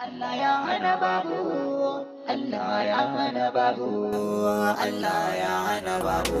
Allah ya hana babu Allah ya hana babu Allah ya hana babu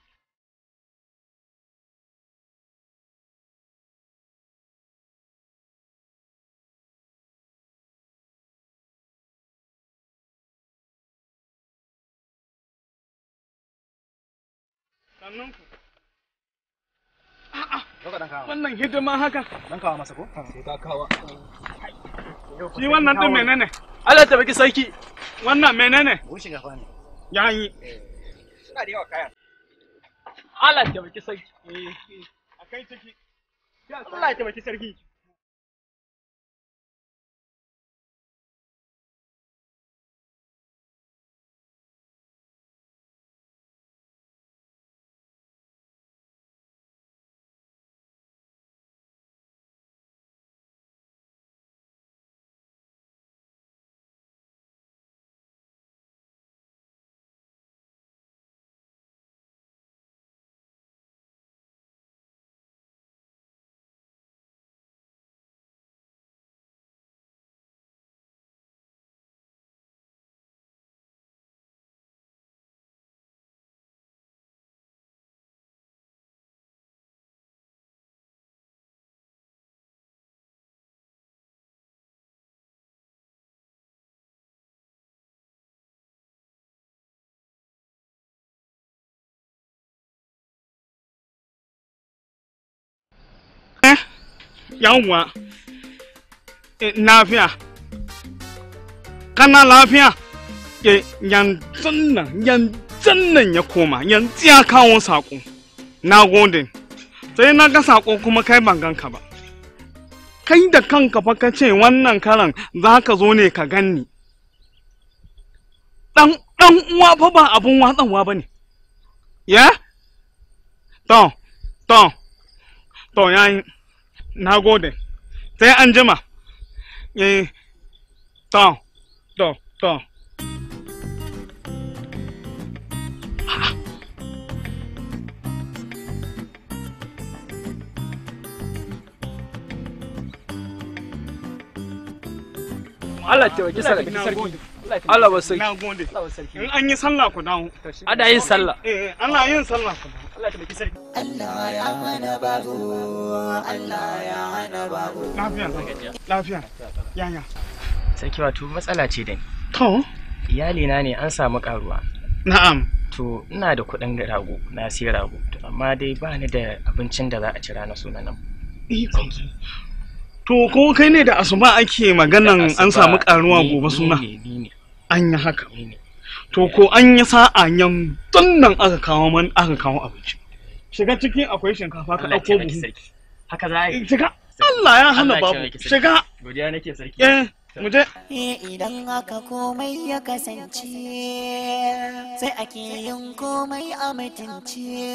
Sannun Wannan hidima haka. Dan kawo masa ko? Sai ka kawo. Shi wannan din menene? Allah ta baki sarki. Wannan menene? Bushe gafa ne. Ya yi. Eh, suna da yawa kaya. Allah ta baki sarki. Eh, eh, Akai ciki. Allah ta baki sarki. yawwa e, lafiya kana lafiya yanzun nan nan ya koma yanzu ya kawo saƙo na gode sai na ga saƙo kuma kai ban ganka ba kai da kanka fa ka ce wannan karan za ka zo ne ka ganni ɗan uwa fa ba abun watsanwa ba ne ya to to to yayin na gode sai an jima eh to to to Allah ta wake sarki sarki Allah ba sai. Na gode. In an yi sallah ku dawo. Ana yin sallah. Eh, eh, ana yin sallah ku dawo. Allah ta sarki. Allah ya mana babu. Allah ya hana babu. Lafiya. Lafiya. Yaya. Sarki wato matsala ce da ni. To. Iyalina ne an samu karuwa. Na'am. To ina da kuɗin rago, na sai rago. Amma dai ba ni da abincin da za a ci rana sunan nan. Ikon. To ko kai ne da asuba ake maganan an samu karuwa gobe suna. Ni ne, ni ne. an yi haka to ko an yi sa'a yan nan aka kawo man aka kawo abinci shiga cikin akwai shinkafa ka dauko buhu haka za a yi shiga Allah ya hana babu shiga godiya nake sarki eh mu je idan haka komai ya kasance sai ake yin komai a mutunci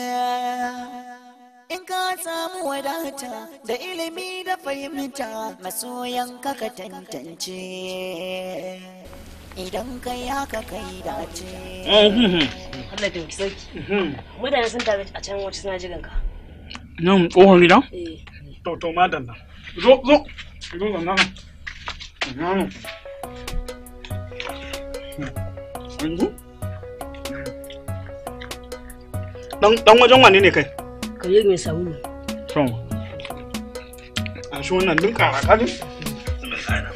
in ka samu wadata da ilimi da fahimta masoyan ka ka tantance idan kai haka kai dace Allah da sauki mutane sun a can suna jiran ka nan tsohon gida eh. zo zo zo nan nan dan wajen wane ne kai kare mai a shi wannan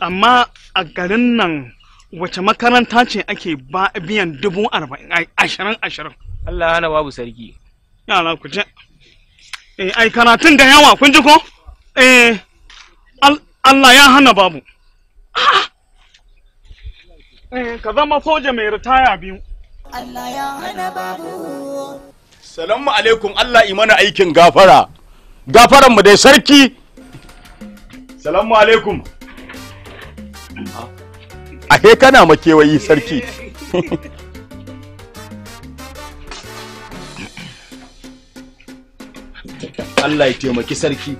amma a garin nan wace makaranta ce ake biyan dubu arba'in ashirin ashirin Allah hana babu sarki Yana ku je eh ai karatun da yawa kun ji ko eh Allah ya hana babu eh ka zama soja mai ritaya biyu Allah ya hana babu salamu alaikum Allah imana aikin gafara gafaran mu dai sarki salamu alaikum a he kana makewayi sarki Allah ya taimaki sarki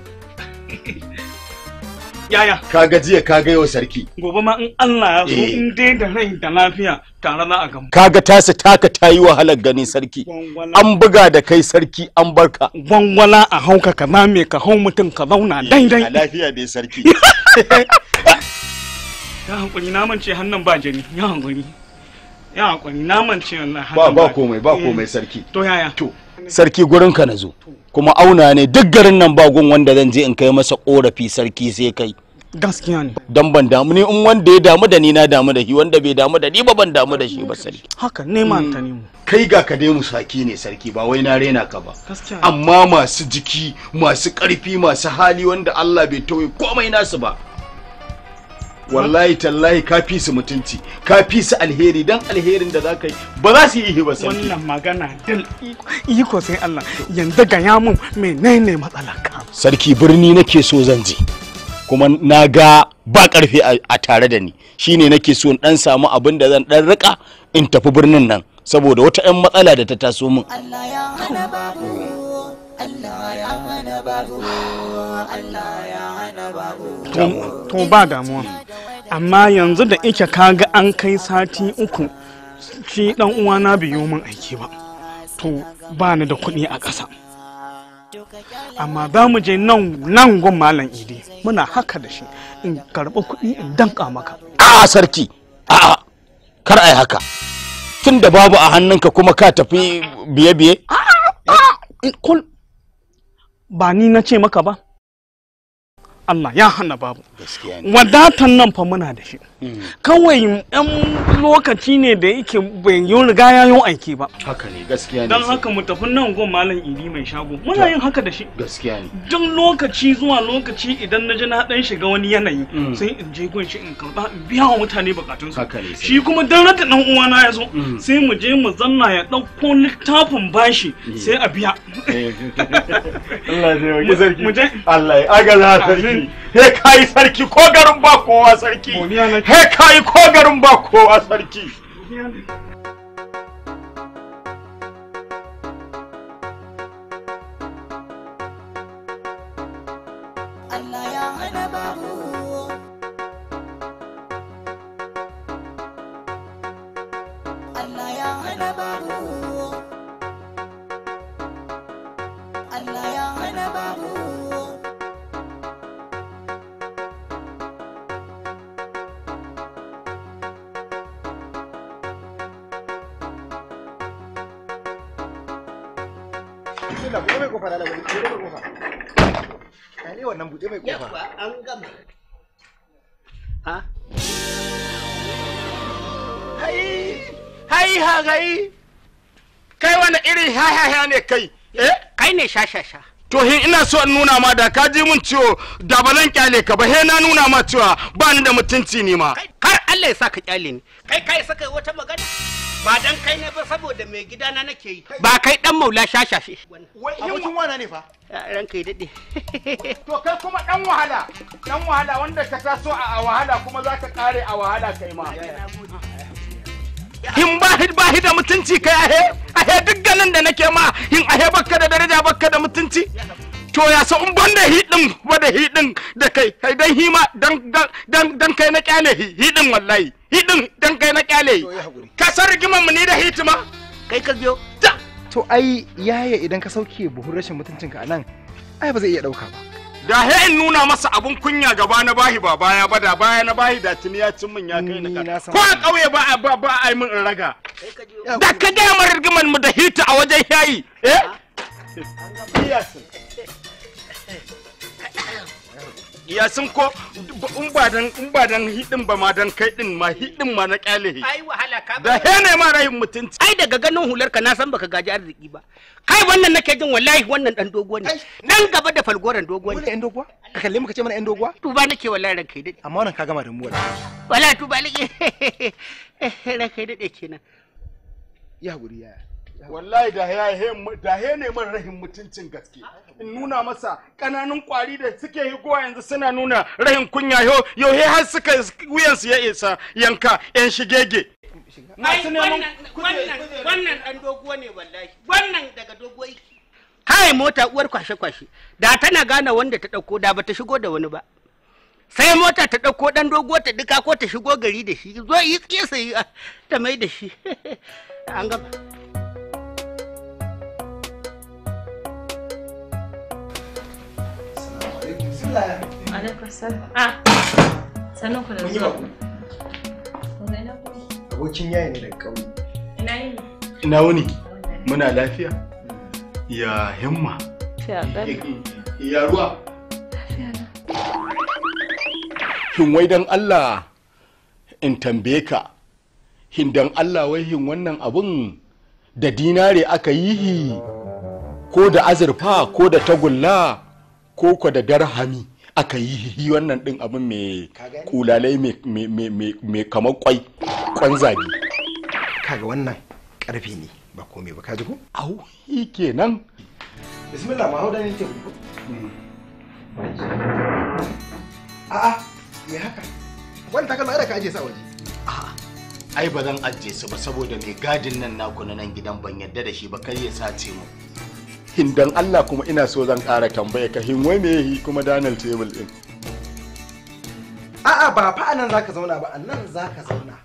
yaya ka gaji ka ga yau sarki gobe ma in Allah ya so eh. in dai da rai da lafiya tare na a gamu kaga su taka ta yi wahalar gani sarki an buga da kai sarki an barka gwangwala a hauka ka me ka hau mutum ka zauna eh, daidai lafiya dai sarki ya hankuri na mance hannan ba jini ya hankuri ya hankuri na mance hannun ba ba komai ba komai eh. sarki to yaya to sarki gurin ka nazo kuma auna ne duk garin nan ba gun wanda zan je in kai masa korafi sarki sai kai gaskiya ne dan ban damu ne in wanda ya damu da ni na damu da shi wanda bai damu da ni ba ban damu da shi ba sarki haka ne ma ta mu. Hmm. kai ga ka dai musaki ne sarki ba wai na rena ka ba amma masu jiki masu karfi masu hali wanda Allah bai tauye komai nasu ba wallahi tallahi ka fi su mutunci ka fi su alheri dan alherin da zaka yi ba za su yi ihe ba sai wannan magana dal iko sai Allah yanzu ga ya mun menene matsalarka sarki birni nake so zan je kuma na ga ba karfi a tare da ni shi ne nake so dan samu abin da zan dan rika in tafi birnin nan saboda wata 'yan matsala da ta taso min Allah ya hana babu Allah ya hana babu to ba damuwa amma yanzu da ike kaga an kai sati uku shi dan uwana bai yi min aiki ba to ba ni da kuɗi a ƙasa amma za mu je nan nan gun malam idi muna haka da shi in karɓi kuɗi in danka maka a'a sarki a'a kar ai haka tun da babu a hannunka kuma ka tafi biye-biye ba ni na ce maka ba Allah ya hana babu wadatan nan fa muna da shi kawai ɗan lokaci ne da yake bai yi riga ya yi aiki ba haka ne gaskiya ne don haka mu tafi nan gon malam idi mai shago muna yin haka da shi gaskiya ne don lokaci zuwa lokaci idan na ji na dan shiga wani yanayi mm. sai in je gun shi in karba in biya wa mutane bukatun su shi kuma dan rata dan uwana ya zo mm. sai mu je mu zanna ya dauko littafin bashi mm. sai a biya eh. Allah ya yi sarki Allah ya sarki he kai sarki ko garin ba kowa sarki he ka yi ko garin ba kowa sarki kai eh kai ne sha sha sha to hin ina so in nuna ma da ka ji mun ciwo da ba zan kyale ka ba he na nuna ma cewa ba ni da mutunci ni ma kar Allah ya sa ka kyale ni kai kai saka wata magana ba dan kai ne ba saboda mai gida na nake yi ba kai dan maula shashashe abokin wana ne fa ran kai dade to kai kuma dan wahala dan wahala wanda ka taso a wahala kuma za ka kare a wahala kai ma in ba ba da mutunci kai ahe ahe duk ganin da nake ma in ahe bakka da daraja bakka da mutunci to ya sa in banda din ba da din da kai kai dan hima dan dan dan kai na kyale din wallahi din dan kai na kyale ka san rigimar mu ne da hitima kai ka biyo to ai yaya idan ka sauke buhun rashin mutuncinka anan ai ba zai iya dauka ba da in nuna masa abun kunya gaba na bahi ba baya ba da baya na bahi da tuni ya cin min ya kai ni ko a kauye ba a ba ba ai raga da ka ga mu rigiman mu da hita a wajen yayi eh ya sun ko in ba dan in ba dan hidin ba ma dan kai din ma hidin ma na kyalehi ai wahala ka da he ne ma rayin mutunci ai daga ganin hular ka na san baka gaji arziki ba kai wannan nake jin wallahi wannan dan dogo ne nan gaba da falgoran dogo ne yan dogo ka kalle muka ce mana yan dogo tuba nake wallahi ranka dai amma wannan ka gama da mu wallahi wallahi tuba nake ranka dai kenan ya guri ya wallahi da he ne man rahin mutuncin gaske in nuna masa kananun kwari da suke higowa yanzu suna nuna rahin kunya yo yo he har suka wuyansu ya isa yanka yan shigege wannan wannan dan doguwa ne wallahi wannan daga doguwa kai mota uwar kwashe kwashe da tana gane wanda ta dauko da ba ta shigo da wani ba sai mota ta ɗauko ɗan dogo ta duka ko ta shigo gari da shi zo yi tsesa ta mai da shi an gaba Ah, Abokin yayi ne daga ƙauye. Ina yini? Ina wuni? Muna lafiya? Ya himma. Ya ruwa. Shin wai don Allah in tambaye ka, hin don Allah wai hin wannan abun da dinare aka yi ko da azurfa ko da tagulla koko da a aka yi wannan din abin mai kulalai mai kamar kwai kwan zabi kaga wannan karfi ne ba komai ba kaji ko au yi kenan bismillah ma hau da ne a a'a me haka wani takalma da ka ajiye sa waje a'a ai ba zan ajiye su ba saboda mai gadin nan naku na nan gidan ban yadda da shi ba kar ya sace mu hin dan Allah kuma ina so zan ƙara tambaya ka hin wai me yi kuma Daniel table din a'a ba fa anan zaka zauna ba anan zaka zauna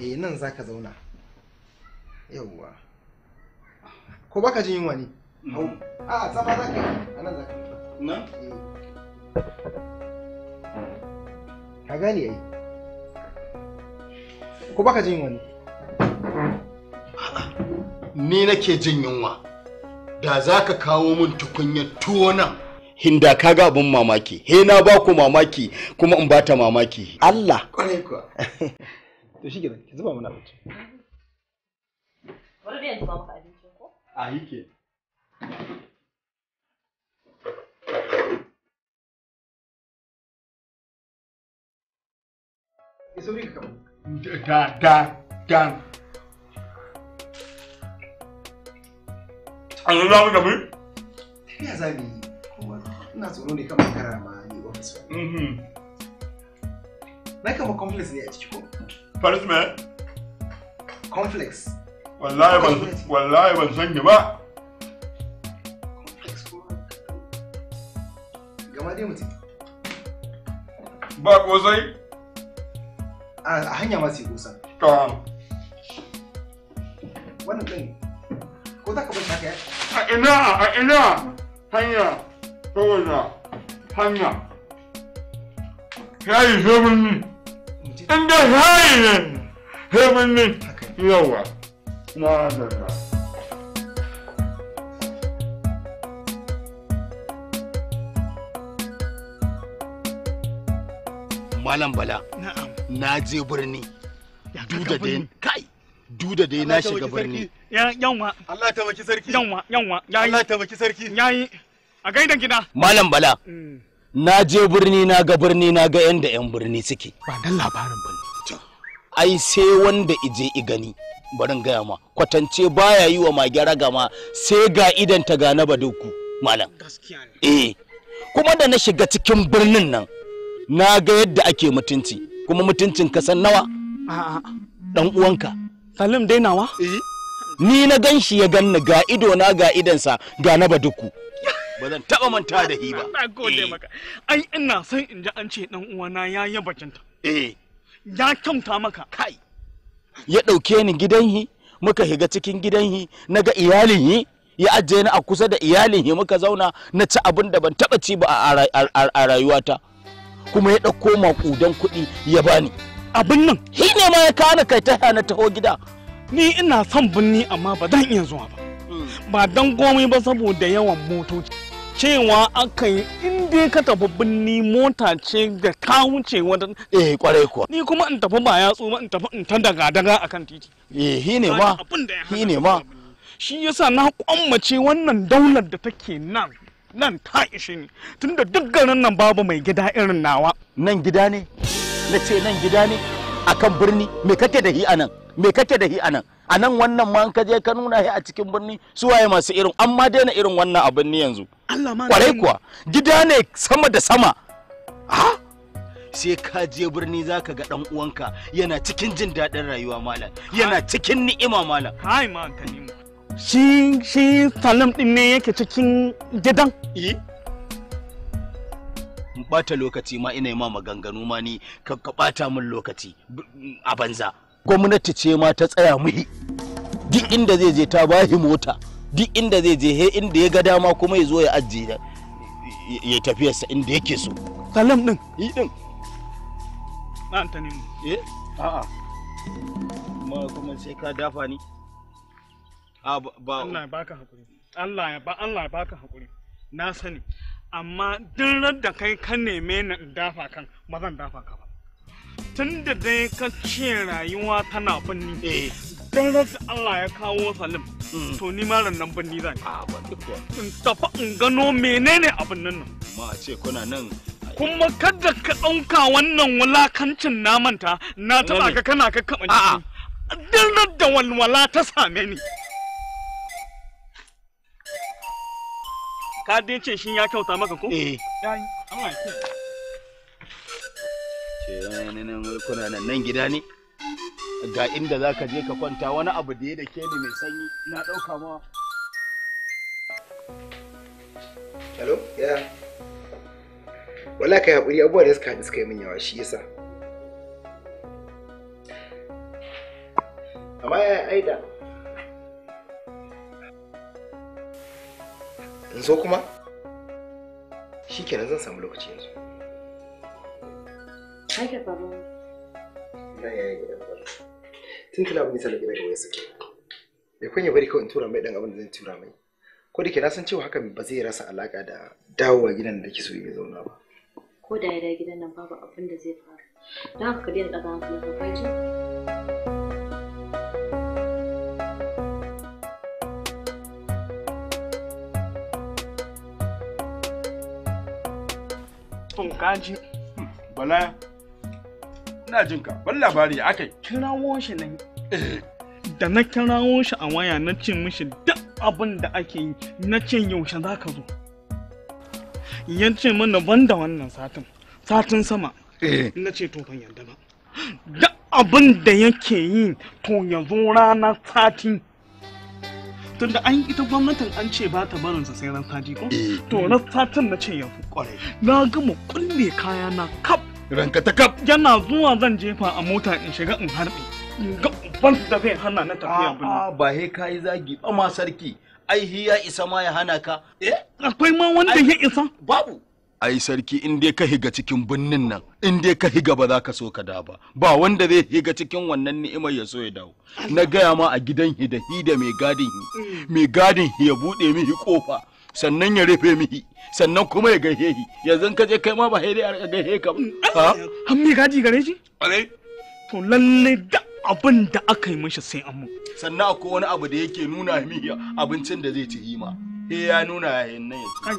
eh nan zaka zauna yawwa ko baka mm. eh. jin yunwa ne a'a tsama zaka anan zaka Nan? ka gani ai ko baka jin yunwa ne ni nake jin yunwa da za ka kawo min tukunyar tuwo nan hinda ka ga abin mamaki he na ba ku mamaki kuma in ba ta mamaki Allah Kwanai kuwa to shi gina, ki zuba mana abinci wani biyan zuba maka abincin ko a yi ke. ka yake da da da Allah za mu gamu? Tafiya za mu yi. Ina tsoro ne kan makara ma ne ofis ba. Mm-hmm. Na kama complex ne a ciki ko? Faris me? Complex. Wallahi ban wallahi ban sanya ba. Complex ko? Gama dai mutum. Ba kosai? A hanya ma sai kosan. Ta. Wannan ɗin ko za ka bar haka ya? a ina a ina hanya saboda hanya yayi zo birni inda yi ne sai birni yawa na zarra Malam Bala. Na je birni. duk da kai duda dai na shiga birni yanwa Allah ta maki sarki yanwa yanwa yayi Allah ta maki sarki yayi a gaidan gida malam bala mm. na je birni na ga birni na ga yanda yan birni suke ba dan labarin ai sai wanda ije i gani barin gaya ma kwatance baya yi wa mage ragama sai ga idan ta ga na baduku malam eh kuma da na shiga cikin birnin nan na ga yadda ake mutunci kuma mutuncin kasan nawa dan uwanka Salim dainawa? Eh. Ni na gan shi ya ganni ga ido na ga idansa ga na baduku. Ba zan taba manta da hi ba. Na gode eh. maka. Ai ina son in ji an ce dan uwana ya yaba cinta. Eh. Ya kyauta maka. Kai. Ya dauke ni gidan hi muka higa cikin gidan hi na ga iyalin hi ya ajiye ni a kusa da iyalin hi muka zauna na ci abin da ban taba ci ba a rayuwata. Kuma ya dauko maƙudan kuɗi ya bani. abin nan shi ne ma ya kana kai ta na taho gida ni ina son binni amma ba zan iya zuwa ba hmm. ba dan komai ba saboda yawan motoci cewa aka yi in dai ka tafi binni mota ce da ta wuce wata eh kwarai kuwa ni kuma in tafi ba yatsu tsoma in tafi in ta daga daga akan titi eh hi ne ma hi ne ma shi yasa na kwammace wannan daular da take nan nan ta ishe ni tunda duk garin nan babu mai gida irin nawa nan gida ne na ce nan gida ne akan birni me kake da hi anan me kake da hi anan a nan wannan ma ka je ka nuna shi a cikin birni su waye masu irin an daina irin wannan abin ni yanzu kwarai kuwa gida ne sama da sama ha sai ka je birni za ka ga dan uwanka yana cikin jin daɗin rayuwa malam yana cikin ni'ima malam shi shi salam ɗin ne yake cikin gidan eh? in bata lokaci ma ina ma maganganu ma ni ka bata min lokaci a banza gwamnati ce ma ta tsaya muhi duk inda zai je ta bahi mota duk inda zai je he inda ya ga dama kuma ya zo ya ajiye ya tafiyarsa inda yake so kalam din yi din na antani mu eh a'a ma kuma sai ka dafa ni a ba Allah ya baka hakuri Allah ya ba Allah ya baka hakuri na sani amma duk da kai ka neme ni in dafa kan ba zan dafa ka ba tun da dai ka ce rayuwa tana binni eh. don rasu Allah ya kawo salim hmm. to ni ma nan binni zan in tafi in gano menene abin nan nan ma a ce kuna nan kuma kada ka ɗauka wannan wulakancin na manta na taɓa ka kana ka kaɓa duk da walwala ta same ni Ka din ce shin ya kyauta maka ko? Eh. Allah ya ce. nan kuna nan nan gida ne. Ga inda za ka je ka kwanta wani abu da ya da ni mai sanyi na ɗauka ma. Hello? Yeah. Wala kai haƙuri abubuwa da suka haɗu suka yi min yawa shi yasa. Amma ya aida. in so kuma shi kenan zan samu lokaci yanzu haka baba na yayi gidan bala tun tuna abin da daga wayar sake bai kunya bari kawai in tura mai dan abin da zan tura mai ko da ke na san cewa hakan ba zai rasa alaka da dawowa gidan da ke so ya zauna ba ko da ya da gidan nan babu abin da zai faru don haka ka daina ɗaga hankali ka fahimci tun kaji hmm, bala ina jin ka ban labari akai kirawo shi nan eh. da na kirawo shi a waya na ce mishi duk abin da ake yi na ce yaushe za ka zo ya ce mana ban da wannan satin satin sama eh. na ce to ban yarda ba duk abin da yake yi to ya zo ranar sati tunda an ita gwamnatin an ce ba ta barinsa sai ran sati ko eh. to na satin na ce ya fi kwarai na gama kulle kaya na kap ranka ta kap yana zuwa zan jefa a mota in shiga in harbe ga ban da zai hana na tafiya ba ba he kai zagi ba ma sarki ai hi ya isa ma ya hana ka eh akwai ma wanda ya isa babu ai sarki in dai ka higa cikin binnin nan in dai ka higa ba za ka so ka da ba ba wanda zai higa cikin wannan ni'imar ya so ya dawo na gaya ma a gidan hi da hi da mai gadin hi mm. mai gadin hi ya bude mihi kofa sannan ya rufe mihi sannan kuma ya gahe hi yanzu ka je kai ma ba haire a gaihe ka ba mm. ha mai gadi gare shi to lalle da abin da aka yi mishi sai an sannan akwai wani abu da yake nuna mihi abincin da zai ci hima eh ya nuna yayin nan ya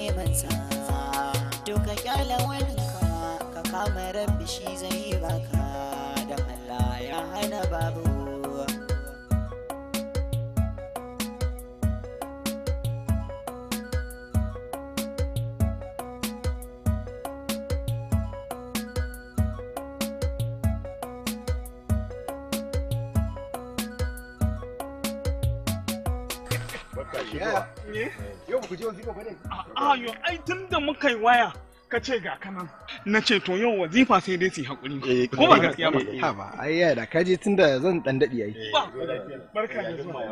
al'amarin bishi zai baka don Allah ya hana babu Yau ku je wanzu ba ne? A'a yau ai tun da muka yi waya ka ce ga kanan na ce to yau wazifa sai dai su hakuri eh, eh, ko ba gaskiya ba eh, ha ba ai ya da kaje tunda zan dan dadi ai barka da zuwa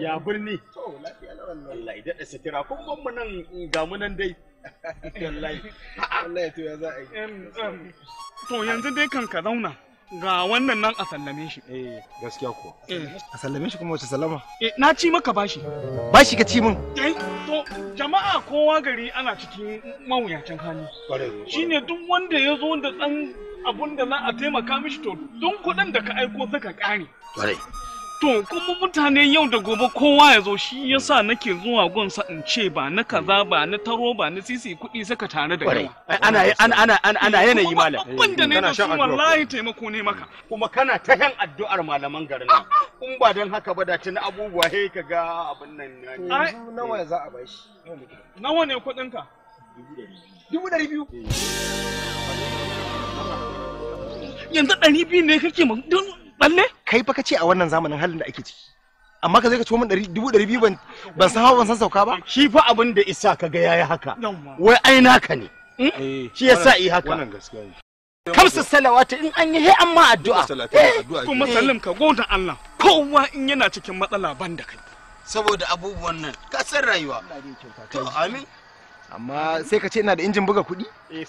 ya birni to lafiya lawan wallahi da sitira kun ban mu nan ga mu nan dai wallahi wallahi to ya za a yi to yanzu dai kan ka zauna ga wannan nan a sallame shi eh gaskiya ko eh. a sallame shi kuma wace sallama eh na ci maka bashi bashi ka ci min eh to jama'a kowa gari ana cikin mawuyacin hali shine duk wanda ya zo da dan abun da za a taimaka mishi to dun kuɗin da ka aiko suka ƙare To kuma mutane yau da gobe kowa ya zo shi yasa nake zuwa gonsa in ce ba na kaza ba na taro ba na sisi kuɗi saka tare da yawa. Ana ana ana ana yanayi malam. Eh, abin da ne da shi wallahi taimako ne maka. Kuma kana ta yan addu'ar malaman garin nan. Kun ba don haka ba da tuni abubuwa he ka ga abin nan. Nawa za a shi. Nawa ne kuɗinka? Dubu ɗari biyu. Yanzu ɗari biyu ne kake ma balle Kai fa kace a wannan zamanin halin da ake ciki. Amma ka zai ka ciwo min dubu ɗari biyu ban san hawa ban san sauka ba. Shi fa abin da isa ka ga yayi haka. Wai ai naka ne. Hmm? Eh, shi yasa yi haka. Wannan gaskiya Kamsa salawata in an yi he amma addu'a. To masallim ka godan Allah. Kowa in yana cikin matsala ban da kai. Saboda abubuwan nan, ka san rayuwa. To amin. amma sai ka ce ina da injin buga kuɗi? Eh,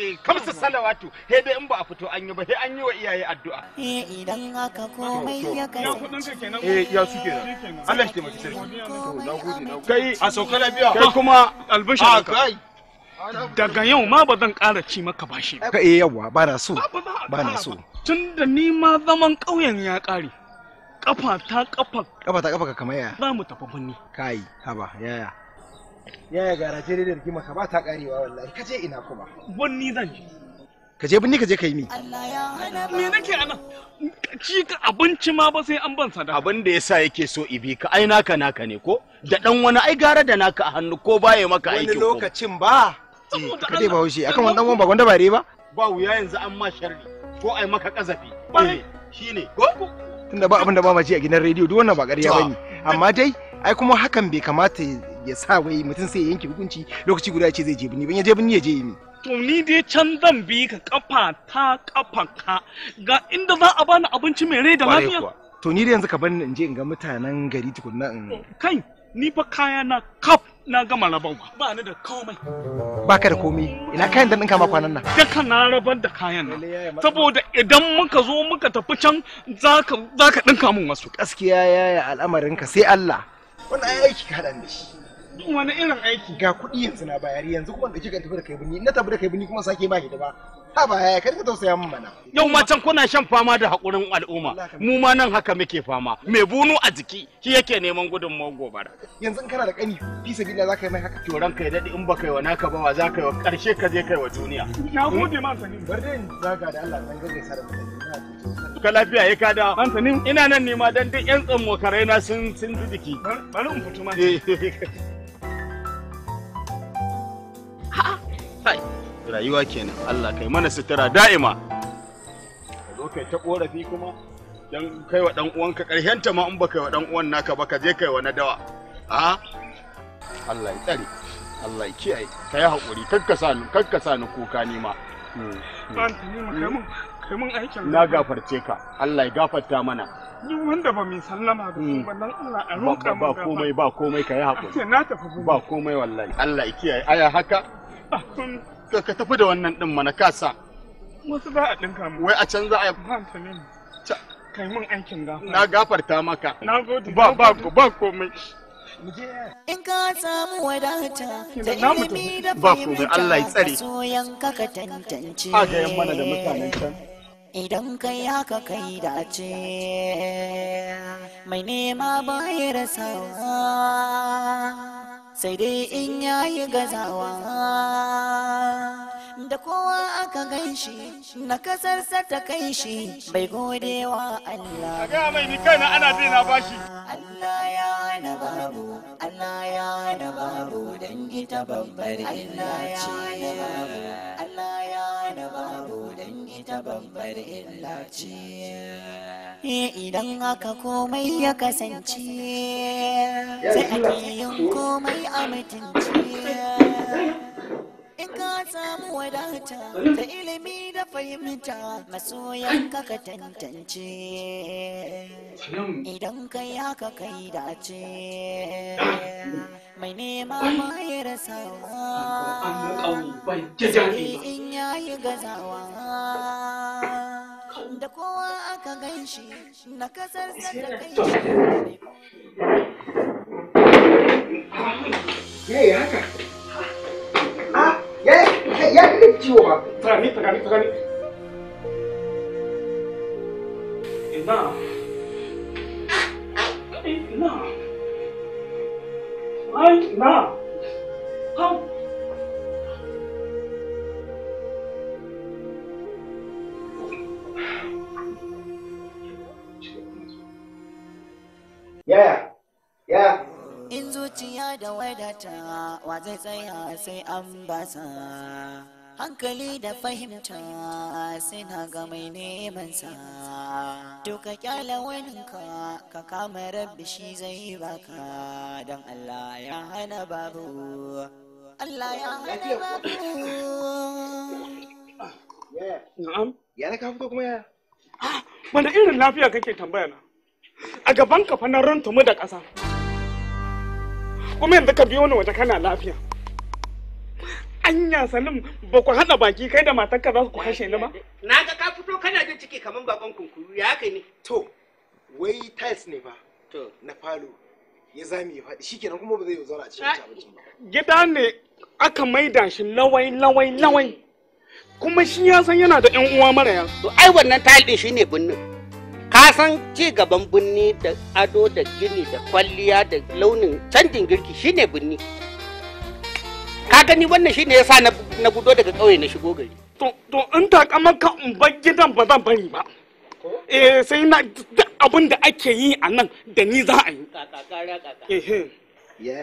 eh, kamsa salawatu he dai in ba a fito an yi ba he an yi wa iyaye addu'a eh idan aka komai ya kai ka eh ya su kenan Allah ya taimaki sai to na gode na kai a sauka biya kai kuma ah, albishin ka kai daga yau ma ba zan ƙara ci maka bashi ba eh yawa ba na so ah, ba na so tun da ni ma zaman ƙauyen ya ƙare kafa ta kafa kafa ta kafa ka kamar ya za mu tafi kai haba yaya ya ya gara ce da rigima ka ba ta karewa wallahi ka je ina kuma bunni zan je ka je bunni ka je kai mi me nake nan. ci ka abinci ma ba sai an ban sada abin da yasa yake so ibi ka ai naka naka ne ko da dan wani ai gara da naka a hannu ko baye maka aiki wani lokacin ba eh, ka dai ba haushi akan wannan wani ba gwanda bare ba ba wuya yanzu an ma sharri ko ai maka kazafi eh, shine ko tunda ba abin da ba ji a gidan rediyo duk wannan ba ƙarya bane amma dai ai kuma hakan bai kamata ya sa wai mutum sai yanke hukunci lokaci guda ce zai je ni ban ya je ni ya je ni. to ni dai can zan bi ka kafa ta kafa ka ga inda za a bani abinci mai rai da lafiya to ni dai yanzu ka bar ni in je in ga mutanen gari tukunna in kai ni fa kaya na kaf na gama rabawa ba ni da komai baka da komai ina kayan da ɗinka ma kwanan nan duka na rabar da kayan nan saboda idan muka zo muka tafi can zaka zaka dinka mun wasu gaskiya yaya al'amarin ka sai Allah wannan aiki kaɗan da shi Din wani irin aiki ga kuɗi yanzu na bayari yanzu kuma da kika tafi da kai bini na tafi da kai bini kuma sake ba hidima ha ba yaya ka tausaya min mana yau ma can kuna shan fama da hakurin al'umma mu ma nan haka muke fama mai bunu a jiki shi yake neman mu gobara yanzu in kana da kani fi sabila za ka yi mai haka to ranka ya dade in ba yi wa naka ba wa za ka yi wa karshe ka je kai wa duniya na gode ma sanin bar dai zaka da Allah san gaske sarar da ka lafiya ya kada ina nan ne ma dan duk yan tsammo karai na sun sun jiki bari in fito ma eh. Hai, rayuwa kenan Allah kai mana sutura da'ima. Ka zo kai ta korafi kuma dan kai wa dan uwanka karshen ta ma in baka wa dan uwan naka ba ka je kai wa na dawa. A? Allah ya tsare. Allah ya kiyaye. Kai hakuri, kakkasa ni, kakkasa ni kuka ni ma. Hmm, hmm. kai mun aikin na gafarce ka Allah ya gafarta mana ni wanda ba mai sallama da ba nan hmm. Allah a roƙa ba komai ba komai kai hakuri haƙuri, ba komai wallahi Allah ya kiyaye aya haka ka tafi da wannan din mana kasa. wasu za a dinka mu wai a can za a yi. kai mun aikin gafara na gafarta maka na gode ba ba ko ba komai In ka samu wadata ta ilimi da fahimta ka so yanka ka tantance. ga mana da mutanen can. Idan ka yaka kai dace mai nema bayar sawa. sai dai in yayi gazawa da kowa aka gan shi na sa ta kai shi bai gode wa Allah. Ga mai ni kaina ana bi na bashi. Allah ya na babu, Allah ya na babu dangi ita babbar illa ce. ta babbar illa eh, idan haka komai ya kasance sai ake yin komai a mutunci in ka samu wadata ta ilimi da fahimta masoyanka ka tantance idan kai haka kai dace mai nema ya rasawa sai in yayi gazawa da kowa aka gan shi na kasar da kai ya fi ciwo Yeah, yeah. in zuciya da wadata wa zai tsaya sai an basa hankali da fahimta suna ga mai neman sa. duka kyala waninka ka kama rabbi shi zai baka don allah ya hana babu allah ya hana babu na'am ya na kafa kuma ya ah, wanda irin lafiya kake tambaya na a gaban kafa na rantumu da ƙasa kuma yanzu ka biyo ni waje kana lafiya anya salim ba ku hada baki kai da matarka za ku kashe ni ba na ga ka fito kana jin ciki kamar bakon kunkuru ya kai ne to wai tiles ne ba to na falo ya zame ya faɗi shikenan kuma ba zai zauna a cikin abincin ba gida ne aka maida shi lawai lawai lawai kuma shi ya san yana da yan uwa maraya to ai wannan tile din shine bunnin ka san ci gaban birni da ado da gini da kwalliya da launin canjin girki shine birni ka gani wannan shine yasa na na gudo daga ƙauye na shigo gari to in ta ka in bar gidan ba zan bari ba eh sai na duk abin da ake yi a nan da ni za a yi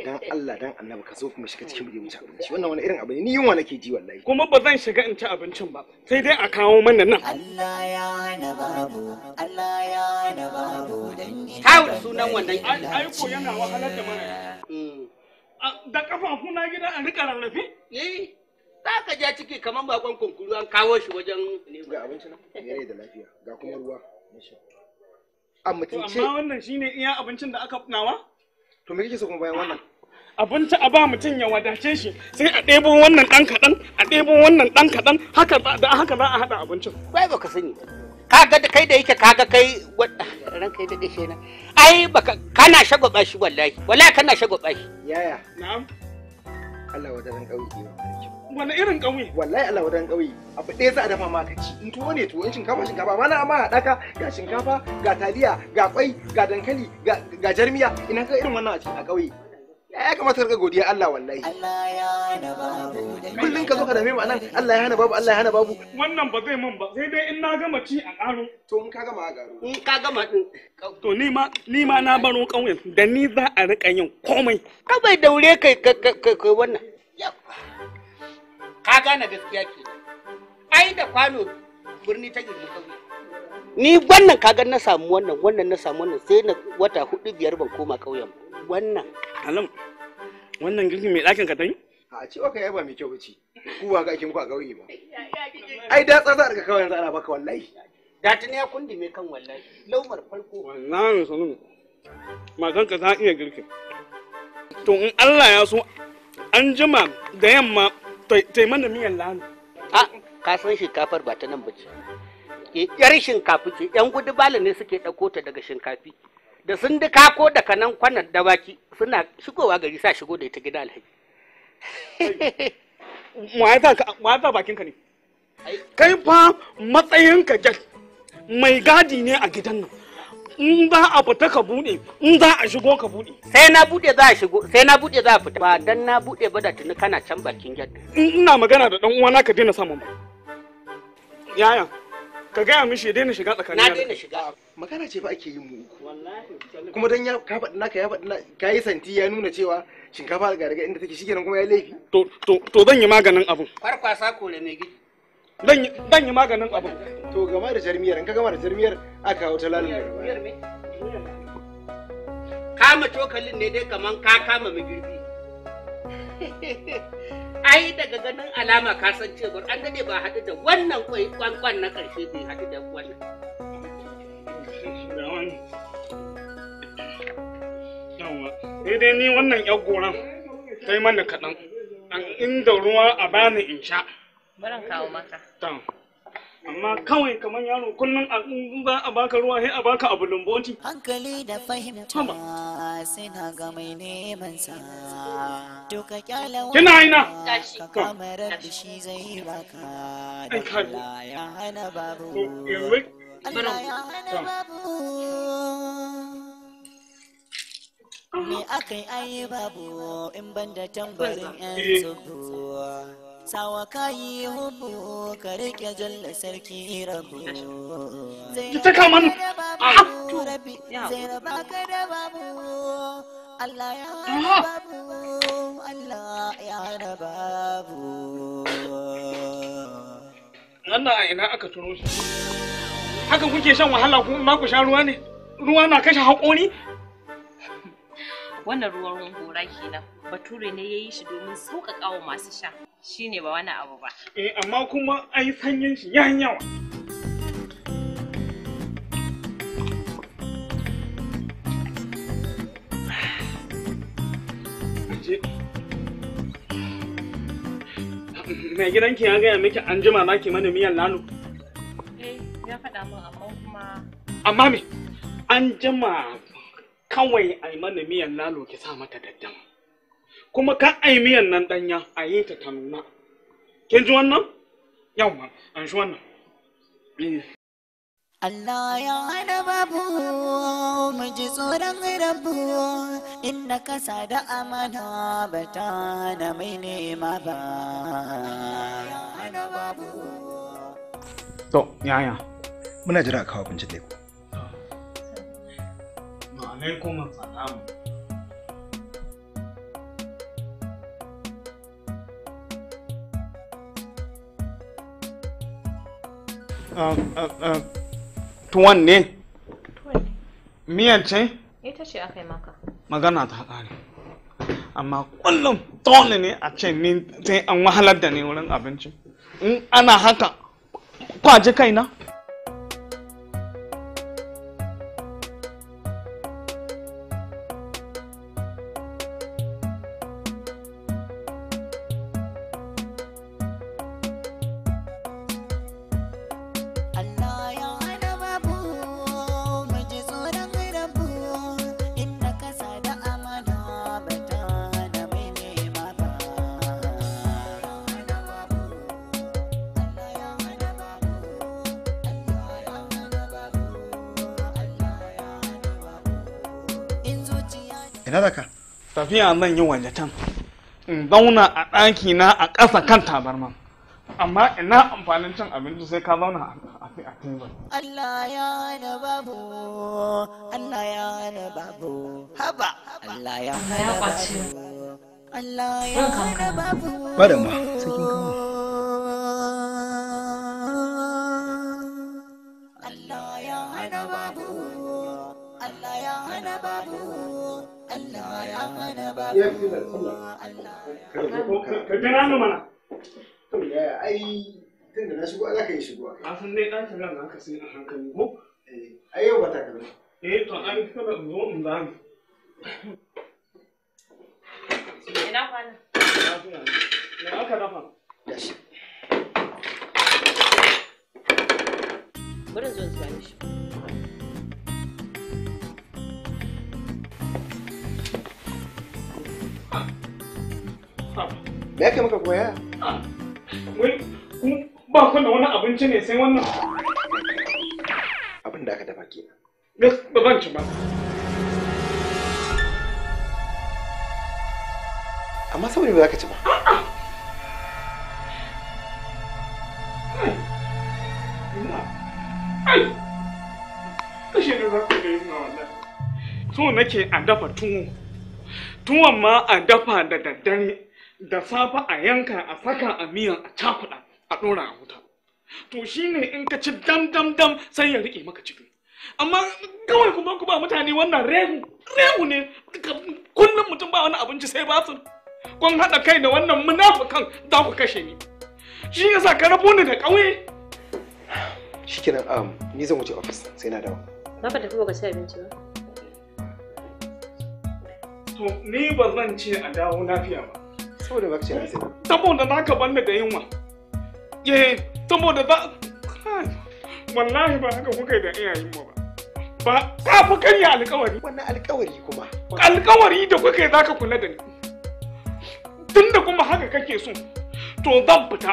dan Allah dan annabi ka zo kuma shiga cikin mu ci abinci wannan wani irin abu ne ni yunwa nake ji wallahi kuma ba zan shiga in ci abincin ba sai dai a kawo mana nan Allah ya na babu Allah ya na babu dan kawo sunan wannan ai ko yana wahalar da mana mm. da kafafuna gida an rika rarrafi eh za ka ja ciki kamar bakon kunkuru an kawo shi wajen ga abinci nan yare da lafiya ga kuma ruwa amma wannan shine iya abincin da aka nawa to me kike so kuma bayan wannan abinci a ba mutum ya wadace shi sai a ɗebo wannan ɗan kaɗan a ɗebo wannan ɗan kaɗan haka da haka za a haɗa abincin ba ka sani ga da kai da yake ga kai ran kai da dashe na ai baka kana shagwaba shi wallahi wallahi kana shagwaba shi yaya na'am Allah wadaran kauye wani irin ƙauye wallahi Allah wadan ƙauye abu ɗaya za a dafa maka ci in tuwo ne tuwo in shinkafa shinkafa mana amma a daka ga shinkafa ga taliya ga kwai ga dankali ga jarmiya ina ka irin wannan a cikin a ƙauye ya kamata ka godiya Allah wallahi kullum ka zo ka dame mu anan Allah ya hana babu Allah ya hana babu wannan ba zai mun ba sai dai in na gama ci a ƙaro to in ka gama a ƙaro in ka gama to ni ma ni ma na baro ƙauyen da ni za a riƙa yin komai kawai daure kai kai wannan ka gane gaskiya ke ai da kwano birni ta girma ni wannan kagan na samu wannan wannan na samu wannan sai na wata hudu biyar ban koma kauyen wannan alam wannan girkin mai ɗakin ka ta yi a ce ka yaba mai kyau bace ku ba ga kin ku a kauye ba ai da tsatsa daga kauyen zana baka wallahi da tuni ya kundi mai kan wallahi laumar farko wannan sanu matan ka za iya girkin to in Allah ya so an jima da yamma tai mana miyan lanu. a ka san shinkafar ba ta nan bace eh, yar shinkafi ce yan gudu bala ne suke ɗauko ta daga shinkafi da sun da kako da kanan kwanan baki suna shigowa gari sa shigo da ita gida alhaji bakin bakinka ne kai fa matsayinka jan mai gadi ne a gidan nan in za a fita ka buɗe in za a shigo ka buɗe. sai na buɗe za a shigo sai na bude za a fita ba dan na buɗe ba da tuni kana can bakin gate in ina magana da dan uwana ka daina samun ba yaya ka gaya mishi ya daina shiga tsakanin na daina shiga magana ce ba ake yi mu wallahi kuma dan ya ka faɗi naka ya faɗi ka yi santi ya nuna cewa shinkafa ga daga inda take shikenan kuma ya laifi to to to zan yi maganin abun farkwasa kore mai gidi dan yi maganin abu to gama da jarmiyar in ka gama da jarmiyar aka wuta ta da kama cokalin ne dai kaman ka kama magirbi ai daga ganin alama ka san cewar an dade ba haɗu da wannan kwai kwankwan na ƙarshe bai haɗu da wannan sai dai ni wannan yan goran kai mana kaɗan an inda ruwa a bani in sha Muran kawo maka. amma kawai kamar yaro kullum in za a baka ruwa sai a baka abu lumboti hankali da fahimta suna na ga mai neman sa to ka kyala kina ina ka kamarar da shi zai baka da ya hana babu Allah ya hana babu ah. Me aka yi babu in ban da tambarin eh. 'yan tsubuwa. sawa kayi hubu ka rike jalla sarki rabu ki taka mani zai raba ka da babu Allah ya babu Allah ya babu Allah a ina aka turo shi hakan kuke shan wahala kuma ma ku sha ruwa ne ruwa na kashe haƙori wannan ruwan gora kenan bature ne ya yi shi domin sauƙaƙa wa masu sha shine ba wani abu ba eh amma kuma ai sanyin shi ya yawa mai gidanki ya gaya miki an jima maki mana miyan lalo eh ya faɗa min amma kuma amma me an jima kawai a yi mana miyan lalo ki sa mata daddan kuma ka a yi miyan nan danya a yi ta tanuna. kin ji wannan yawwa an shi wannan eh. Allah ya hana babu mu ji tsoron rabu inda kasa da amana ba ta na mai nema ba. To, yaya. Muna jira a kawo bincin teku. sannan kuma faɗa mu um, uh, uh, tuwon ne? Miyan ce? Ita ce aka yi maka. Magana ta ƙare. Amma kullum dole ne a ce ni sai an wahalar da ni wurin abinci. In ana haka kwaji kaina? ina da ka tafiya zan yi wajatan in zauna a ɗaki na a ƙasa kan tabarman amma ina amfanin cin abinci sai ka zauna a tebur. Allah ya na babu, Allah ya na babu, haba, Allah ya na babu. Allah ya na babu. ma. Allah ya hana da Allah ka jira ni mana to ya ai tun da na shigo za ka yi shigo a san dai dan shiga nan ka sai a hankali ko eh ai yau bata kana eh to an kana zo in za mu ina kwana lafiya ne aka dafa gashi bari zo zuwa shi Me yake maka koya? Ba ku da wani abinci ne sai wannan. Abin da aka dafa kenan. Ba ban ci ba. Amma saboda ba za ka ci ba. tuwo nake a dafa tuwo. Tuwon ma a dafa da daddare. da safe a yanka a saka a miyan a cakuɗa a ɗora a wuta to shine in ka ci dam dam dam sai ya riƙe maka ciki amma kawai kuma ku ba mutane wannan rehu rehu ne kullum mutum ba wani abinci sai ba su kun haɗa kai da wannan munafukan za ku kashe ni shi yasa ka rabu ni da ƙauye shikenan um ni zan wuce office sai na dawo ba ka tafi ka ci abinci ba to ni ba zan ce a dawo lafiya ba saboda ba ci asiri saboda za ka banda da yunwa ye eh, saboda za wallahi ba haka kuka da iyayen mu ba ba ka fi karya alkawari wannan alkawari kuma alkawari da kuka za ka kula da ni tunda kuma haka kake so to zan fita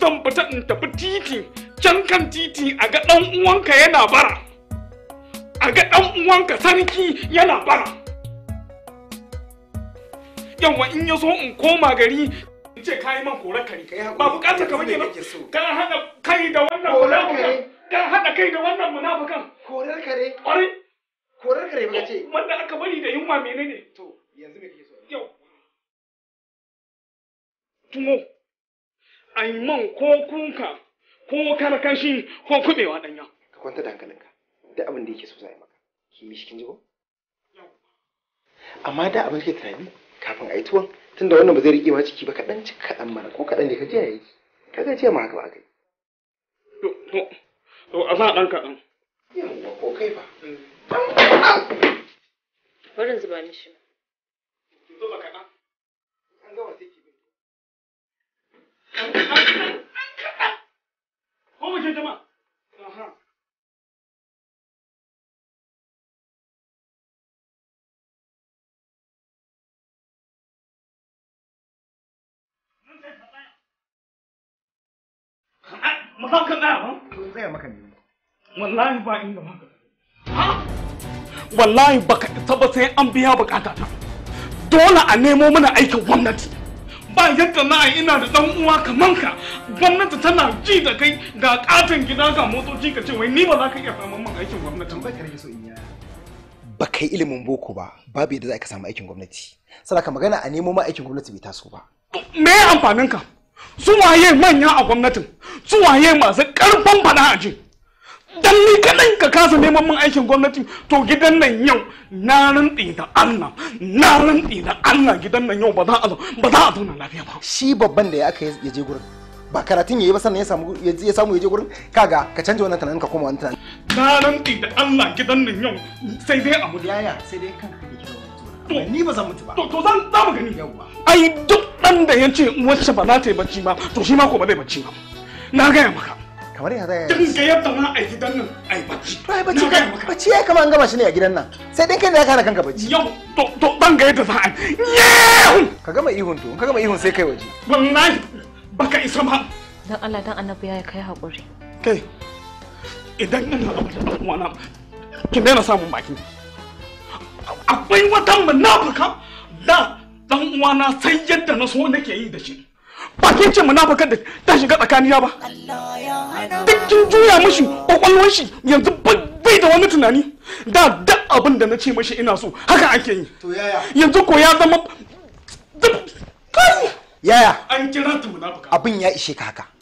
zan fita in tafi titi can kan titi a ga ɗan uwanka yana bara a ga ɗan uwanka sarki yana bara yawa in ya zo in koma gari in ce kayi man kore kare ba ka wani ba ka hada kai da wannan munafukan ka hada kai da wannan munafukan korar kare kwarai korar kare ba ce wanda aka bari da yunwa menene to yanzu me kake so tumo ai man ko kunka ko karkashi ko kubewa danya ka kwanta da hankalinka da abin da yake so za maka kin mishi kin ji ko amma da abin da ke tunani kafin a yi tuwon tunda wannan ba zai riƙe ma ciki ba kaɗan ci kaɗan mana ko kaɗan ne ka je yi ka ga ce ma haka ba ka yi. to a sa ɗan kaɗan yawwa ko kai ba barin zuba mishi ko mu jama'a mu ba ba sai an biya bukata ta dole a nemo mana aikin gwamnati ba yadda na ina da dan uwa kaman ka gwamnati tana ji da kai ga katin gida ga motoci ka ce wai ni ba za ka iya samun min aikin gwamnati ba kare so in ba kai ilimin boko ba babu yadda za ka samu aikin gwamnati ka magana a nemo ma aikin gwamnati bai taso ba me amfanin ka su manya a gwamnatin su masu karfin fada a ji dan ni kadan ka kasa neman min aikin gwamnati to gidan nan yau na rantsi da Allah na rantsi da Allah gidan nan yau ba za a ba za a zauna lafiya ba shi babban da ya aka ya je gurin ba karatun yayi ba sannan ya samu ya samu ya je gurin kaga ka canja wannan tunanin ka koma wannan tunanin na rantsi da Allah gidan nan yau sai dai abu yaya sai dai kanka kake ni ba zan mutu ba to zan za mu gani yawa ai duk ɗan da yace wacce ba za ta yi bacci ba to shi ma ko ba zai bacci ba na gaya maka kamar ya zai din ga yadda ma a gidan nan ai bacci to ai bacci ka bacci ya kama an gama shi ne a gidan nan sai dai kai ne ka hana kanka bacci yau to to dan ga yadda za a ka gama ihun to ka gama ihun sai kai waje wallahi baka isa ma dan Allah dan annabi ya kai hakuri kai idan ina abu da uwana ki daina samun baki akwai wata munafuka da dan uwana sai yadda na so nake yi da shi ba kin ce munafukan da ta shiga tsakanina ba duk kin juya mishi kwakwalwar shi yanzu bai da wani tunani da duk abin da na ce mishi ina so haka ake yi yanzu ko ya zama yaya an kira ta munafuka abin ya ishe ka haka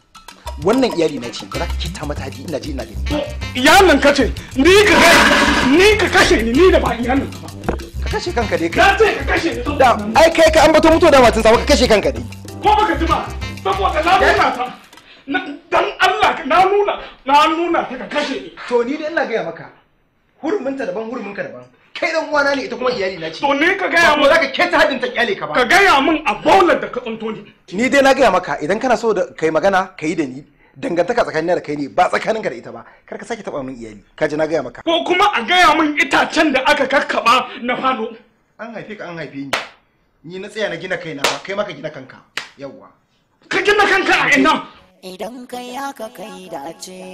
wannan iyali na ce ba za ka kita mata ji ina ji ina gani iyalin ka ce ni ka ni ka kashe ni ni da ba iyalin ka ka kashe kanka dai kai ka ce ka kashe ni da ai kai ka ambato mutuwa da matan sa ka kashe kanka dai ko baka ji ba saboda na nuna ta dan Allah na nuna na nuna ta ka kashe ni to ni dai ina ga maka hurumin ta daban hurumin ka daban kai dan uwana ne ita kuma iyali na ce to ne ka gaya mu zaka kenta hadin ta iyali ka ba ka gaya mun a baular da ka tsunto ni ni dai na gaya maka idan kana so da kai magana kai da ni dangantaka tsakanin da kai ne ba tsakanin ka da ita ba kar ka sake taba min iyali ka ji na gaya maka ko kuma a gaya min itacen da aka kakkaba na fano an haife ka an haife ni ni na tsaya na gina kaina ba kai maka gina kanka yawwa ka gina kanka a ina idan kai haka kai dace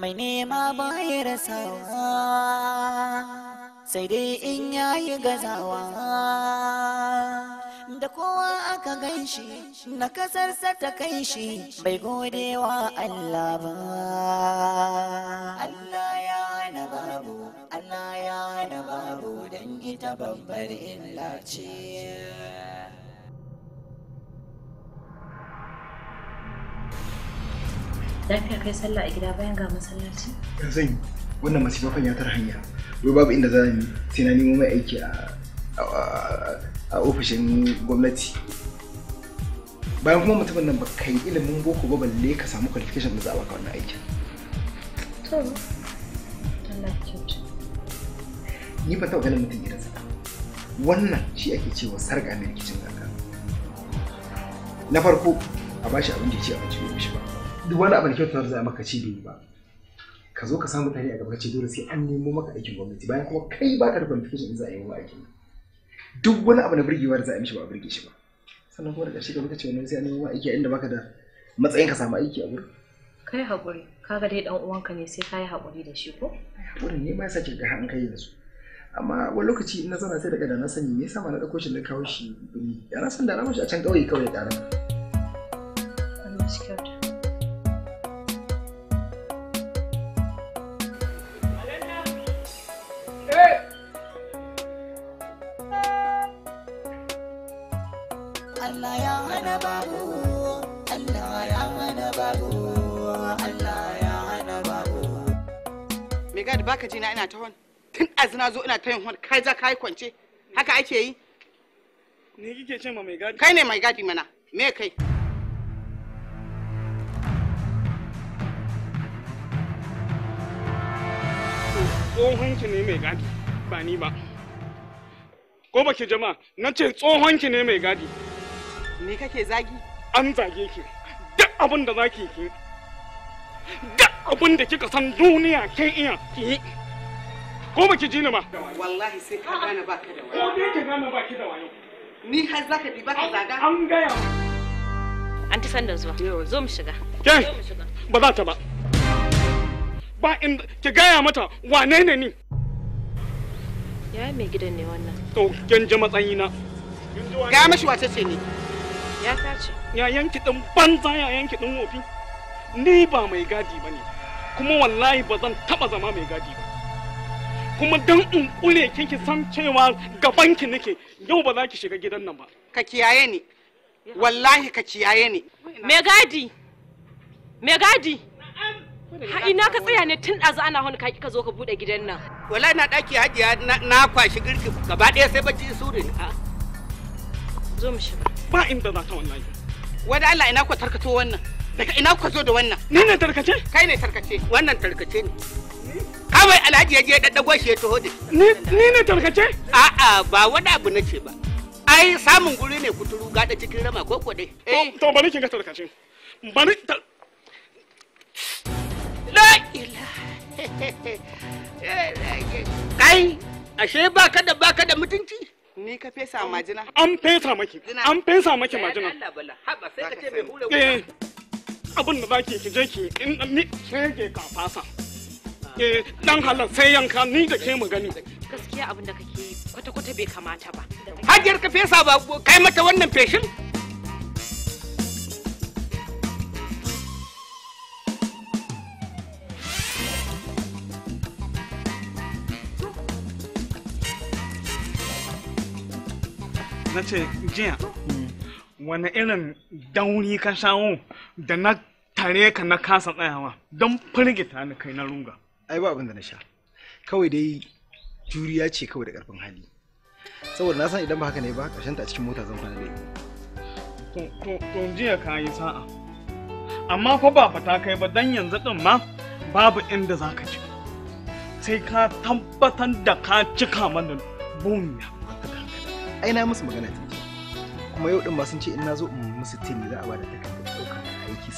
mai nema baya rasawa sai dai in yayi gazawa da kowa aka gan shi na kasarsa ta kai shi bai gode wa Allah ba. Allah ya na babu, Allah ya na babu don ita babbar illa ce. lafiya kai sallah a gida bayan ga masallaci ya zan wannan masifafan ya tar hanya wai babu inda za ni sai na nemo mai aiki a ofishin gwamnati bayan kuma mutumin nan baka yi ilimin boko ba balle ka samu qualification da za a baka wannan aikin to ni ba taɓa ganin mutum gidansa wannan shi ake cewa sarga mai rikicin kanka na farko a bashi abin da ya ce abinci bai mishi ba duk wani abu da kyautar zai maka ci bai ba ka zo ka samu tare a gaba ka ce dole sai an nemo maka aikin gwamnati bayan kuma kai ba ka da qualification din za a yi wa aikin duk wani abu na burgewa da za a yi mishi ba a burge shi ba sannan kuma da ƙarshe ka muka ce wannan sai an nemo aiki a inda baka da matsayin ka samu aiki a gurin kai ka kaga dai dan uwanka ne sai kai hakuri da shi ko hakuri ne ma ya sake ga an kai yanzu amma wani lokaci in na zauna sai daga da na sani me yasa ma na dauko shi na kawo shi ya na san da na mashi a can ƙauye kawai da na. Thank you. gadi baka na ina ta hon tun azina zo ina ta yin hon kai za kai kwance haka ake yi ni kike ce ma mai gadi kai ne mai gadi mana me kai tsohon ki ne mai gadi ba ni ba ko baki jama'a. na ce tsohon ki ne mai gadi ni kake zagi an zage ki duk abin da zaki ki abin da kika san duniya ke iya ki yi ko baki ji ni ba wallahi sai ka gane ka da wayo ko dai ka gane baki da wayo ni har za ka bi ka zaga an gaya an ta sanda zuwa zo mu shiga ke ba za ta ba ba in ki gaya mata wane ne ni ya mai gidan ne wannan to kin ji na ga mashi wace ce ni ya kace ya yanki din banza ya yanki din wofi ni ba mai gadi bane kuma wallahi ba zan taba zama mai gadi ba kuma dan in kure kinki san cewa gaban ki nake yau ba za ki shiga gidan nan ba ka kiyaye ni wallahi ka kiyaye ni mai gadi mai gadi ha ina ka tsaya ne tun ɗazu ana hannu kaki ka zo ka buɗe gidan nan wallahi na ɗaki hajiya na kwashi girki gaba ɗaya sai bacci suri ne zo mu shiga ba inda za ta wallahi wani Allah ina ku tarkato wannan daga ina ku zo da wannan ni ne tarkace kai ne tarkace wannan tarkace ne kawai alhaji ya je daddago shi ya taho da ni ni ne tarkace a'a ba wani abu na ce ba ai samun guri ne kuturu gada cikin rama ko ko dai to eh. bari kin ga tarkace bari la ilaha kai ashe baka da baka da mutunci ni ka fesa majina an fesa maki an fesa maki majina Allah bala haba sai ka ce mai hula eh, abin da zaki ki je ki in dan mi shege ka fasa eh dan halan sai yanka ni da ke mu gani gaskiya abin da kake kwata kwata bai kamata ba hajjar ka fesa ba kai mata wannan feshin na ce jiya hmm. wani irin dauni ka samu da na tare ka na kasa tsayawa don firgita ni kai na runga ai ba abin na sha kawai dai juriya ce kawai da karfin hali saboda na san idan ba haka ne ba ƙarshen ta cikin mota zan fara da to jiya ka yi sa'a amma fa ba fata kai ba dan yanzu din ma babu inda za ka ci sai ka tabbatar da ka cika mana bunya ai na musu magana ta kuma yau din ma sun ce in na zo in musu tini za a ba da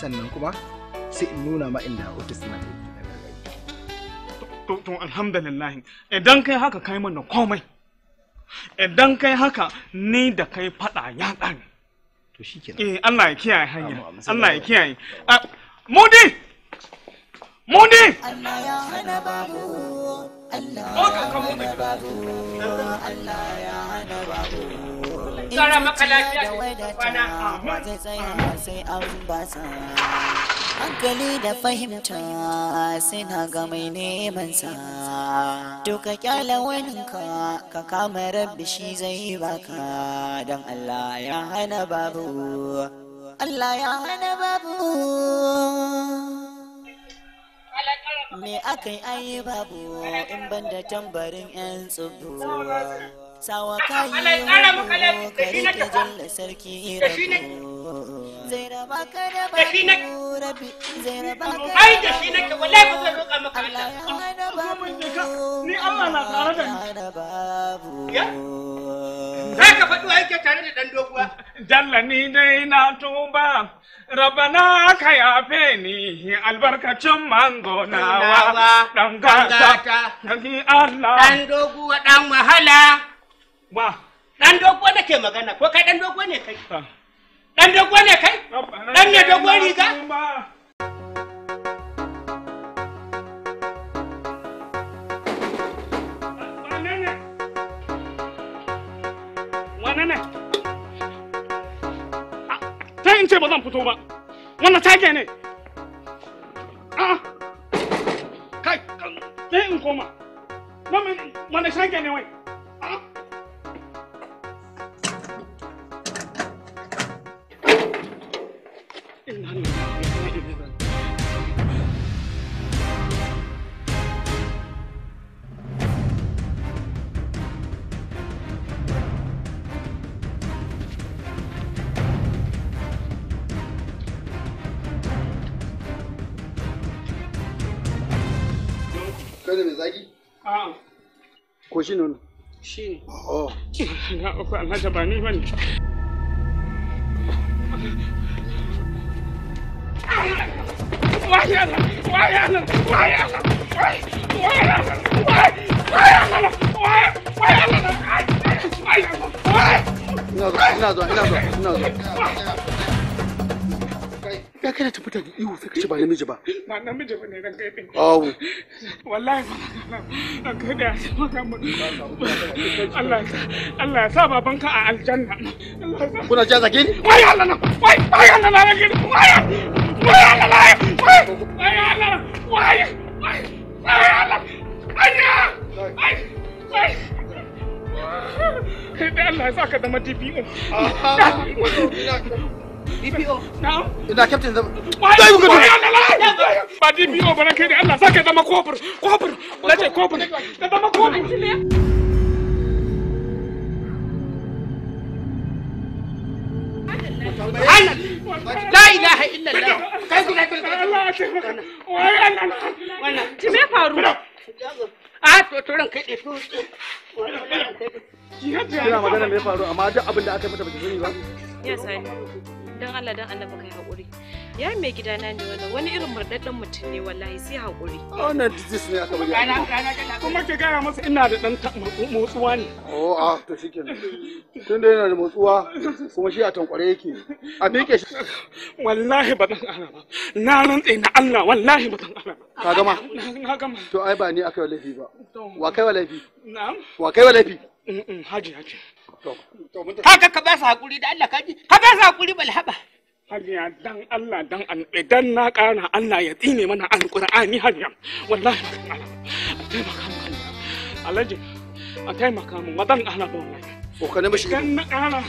sannan kuma sai in nuna ma inda otis suna aiki na To alhamdulillah idan kai haka kai mana komai idan kai haka ni da kai faɗa ya dan To shikenan Eh Allah ya kiyaye hanya Allah ya kiyaye. Ah, Mudi! Mudi! Allah ya hana babu Allah ya hana babu Allah ya hana babu kara maka lafiya da kwana zai tsaya sai an basa hankali da fahimta suna ga mai neman sa To ka kyala waninka ka kama rabbi shi zai baka don Allah ya hana babu Allah ya hana babu me aka yi babu in ban da tambarin 'yan tsubu sawa kai ka rike jalla sarki zai raba ka da babu rabi zai raba ka da shi nake wallahi ba zan roƙa maka Allah ya hada ah, babu ni Allah na tare da ni za ka faɗo aike tare da dan doguwa jalla ni dai na tuba rabana ka yafe ni albarkacin mango nawa dan gata dan Allah dan doguwa ɗan wahala Wa. Dan dogo nake magana ko kai dan dogo ne kai? Dan dogo ne kai? Dan ne dogo riga? Ta in ce ba zan fito ba. Wannan take ne. Kai, sai in koma. Wannan take ne wai. ko shi nono shi oh na uku alhaji ba ni bane Ina zuwa, ina zuwa, ina zuwa, ina zuwa. ya kana ta mutane ihu sai ka ce ba namiji ba ba namiji ba ne ran gaibe din awu wallahi ba ran gaibe a shi maka mu Allah Allah ya sa baban ka a aljanna kuna ja zage ni wai Allah na wai wai Allah na zage wai wai Allah na wai wai Allah wai wai Allah anya wai wai Allah ya saka da madibi DPO. Na'am. Ina captain zama. Dai ku gudu. Ba DPO ba kai da Allah saka zama kofur. Kofur. Lace kofur. Ka zama kofur. ya faru? A to aka mata ba sani dan annabi yi haƙuri Yayi mai gidana ne wannan wani irin murɗaɗɗen mutum ne wallahi sai haƙuri wannan disease ne aka bari kana kana kana kuma ke gaya masa ina da dan motsuwa ne oh a ah, to shikenan tun da yana da motsuwa kuma shi a tankware yake a miƙe shi wallahi ba dan ana ba na rantsa na Allah wallahi ba dan ana ba ka gama na gama to ai ba ni aka yi laifi ba wa kai wa laifi na'am wa kai wa laifi haji haji haka ka ba su haƙuri da Allah ka ji ka ba su hakuri balhaba hanya dan Allah dan an idan na ƙara Allah ya tsine mana alqur'ani hanya wallahi a a kai makamu ma Allah ba wallahi ko ka nemi shi dan na ƙara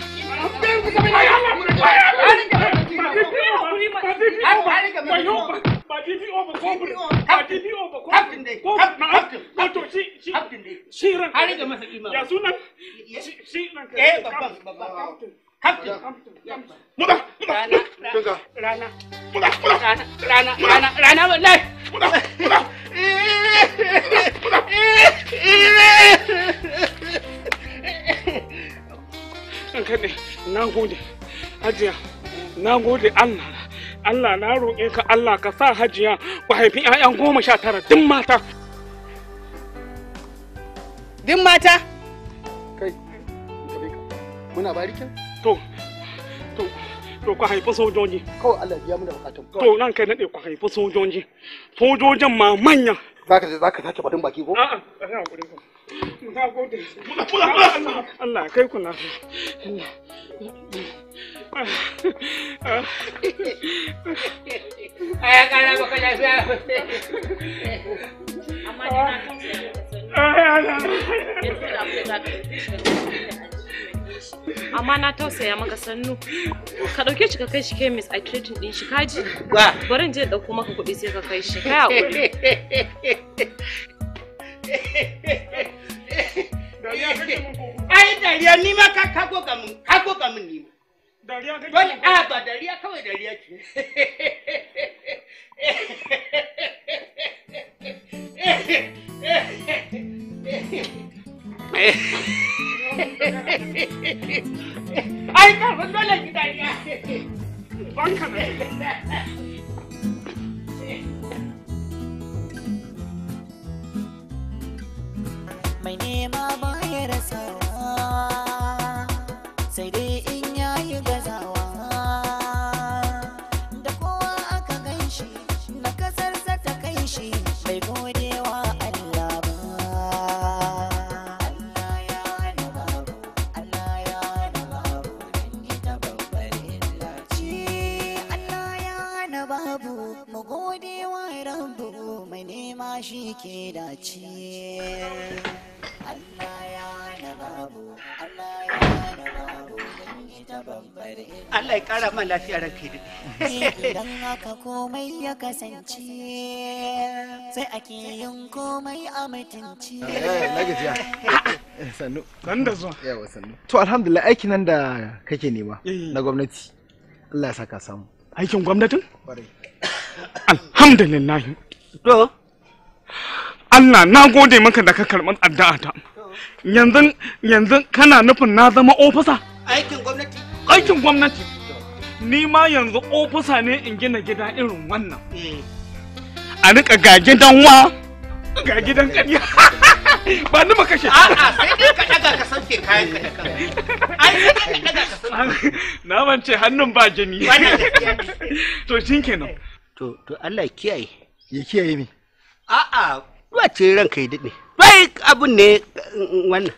masa imam. Ya sunan? Captain. Muda. Muda. Rana. Muda. Muda. Rana. Rana. Rana. Rana. rana, rana, rana, rana, rana. An kaɗe, na gode, hajiya, na gode Allah, Allah na roƙe ka Allah ka sa hajiya ku haifi 'ya'yan goma sha tara din mata. Din mata? Kai, muna barikin? hay phô cái này được to to to ku haifi sojoji kawai Allah biya mana bukatun to nan kai nade ku haifi sojoji sojojin ma manya zaka je zaka anh, badin baki ko a'a ai hakuri ko muna gode muna kula Allah Allah kai ku na Aya kana baka lafiya amma ni na kan sai ka sani amma na tausaya maka sannu ka dauke shi ka kai shi kemis a treating din shi kaji bari in je dauko maka kuɗi sai ka kai shi kai hakuri ai dariya ni ma ka kago ga mun kago ga mun ni dariya wani a ba dariya kawai dariya ki eh ai gida ya mai mai nema ba ya shi ke dace Allah ya na Allah ya na babu Allah ya kara man lafiya ranka da Idan haka komai ya kasance sai ake yin komai a mutunci. Eh, na gajiya. Eh, sannu. Sannu da zuwa. Yawa sannu. To alhamdulillah aiki nan da kake nema eh. na gwamnati. Allah ya saka samu. Aikin gwamnatin? Alhamdulillah. To Allah na gode maka da ka karɓi addu'a ta yanzu yanzu kana nufin na zama ofisa aikin gwamnati aikin gwamnati ni ma yanzu ofisa ne in gina gida irin wannan eh. a rika ga gidan wa ga gidan ƙarya ba ni maka shi a'a sai dai ka daga ka sauke kayan ka da kanka ai sai dai ka daga ka sauke na mance hannun ba jini to shin kenan to to Allah kiyaye ya kiyaye me A'a, wace ranka ya daɗe. Bai abin ne wannan.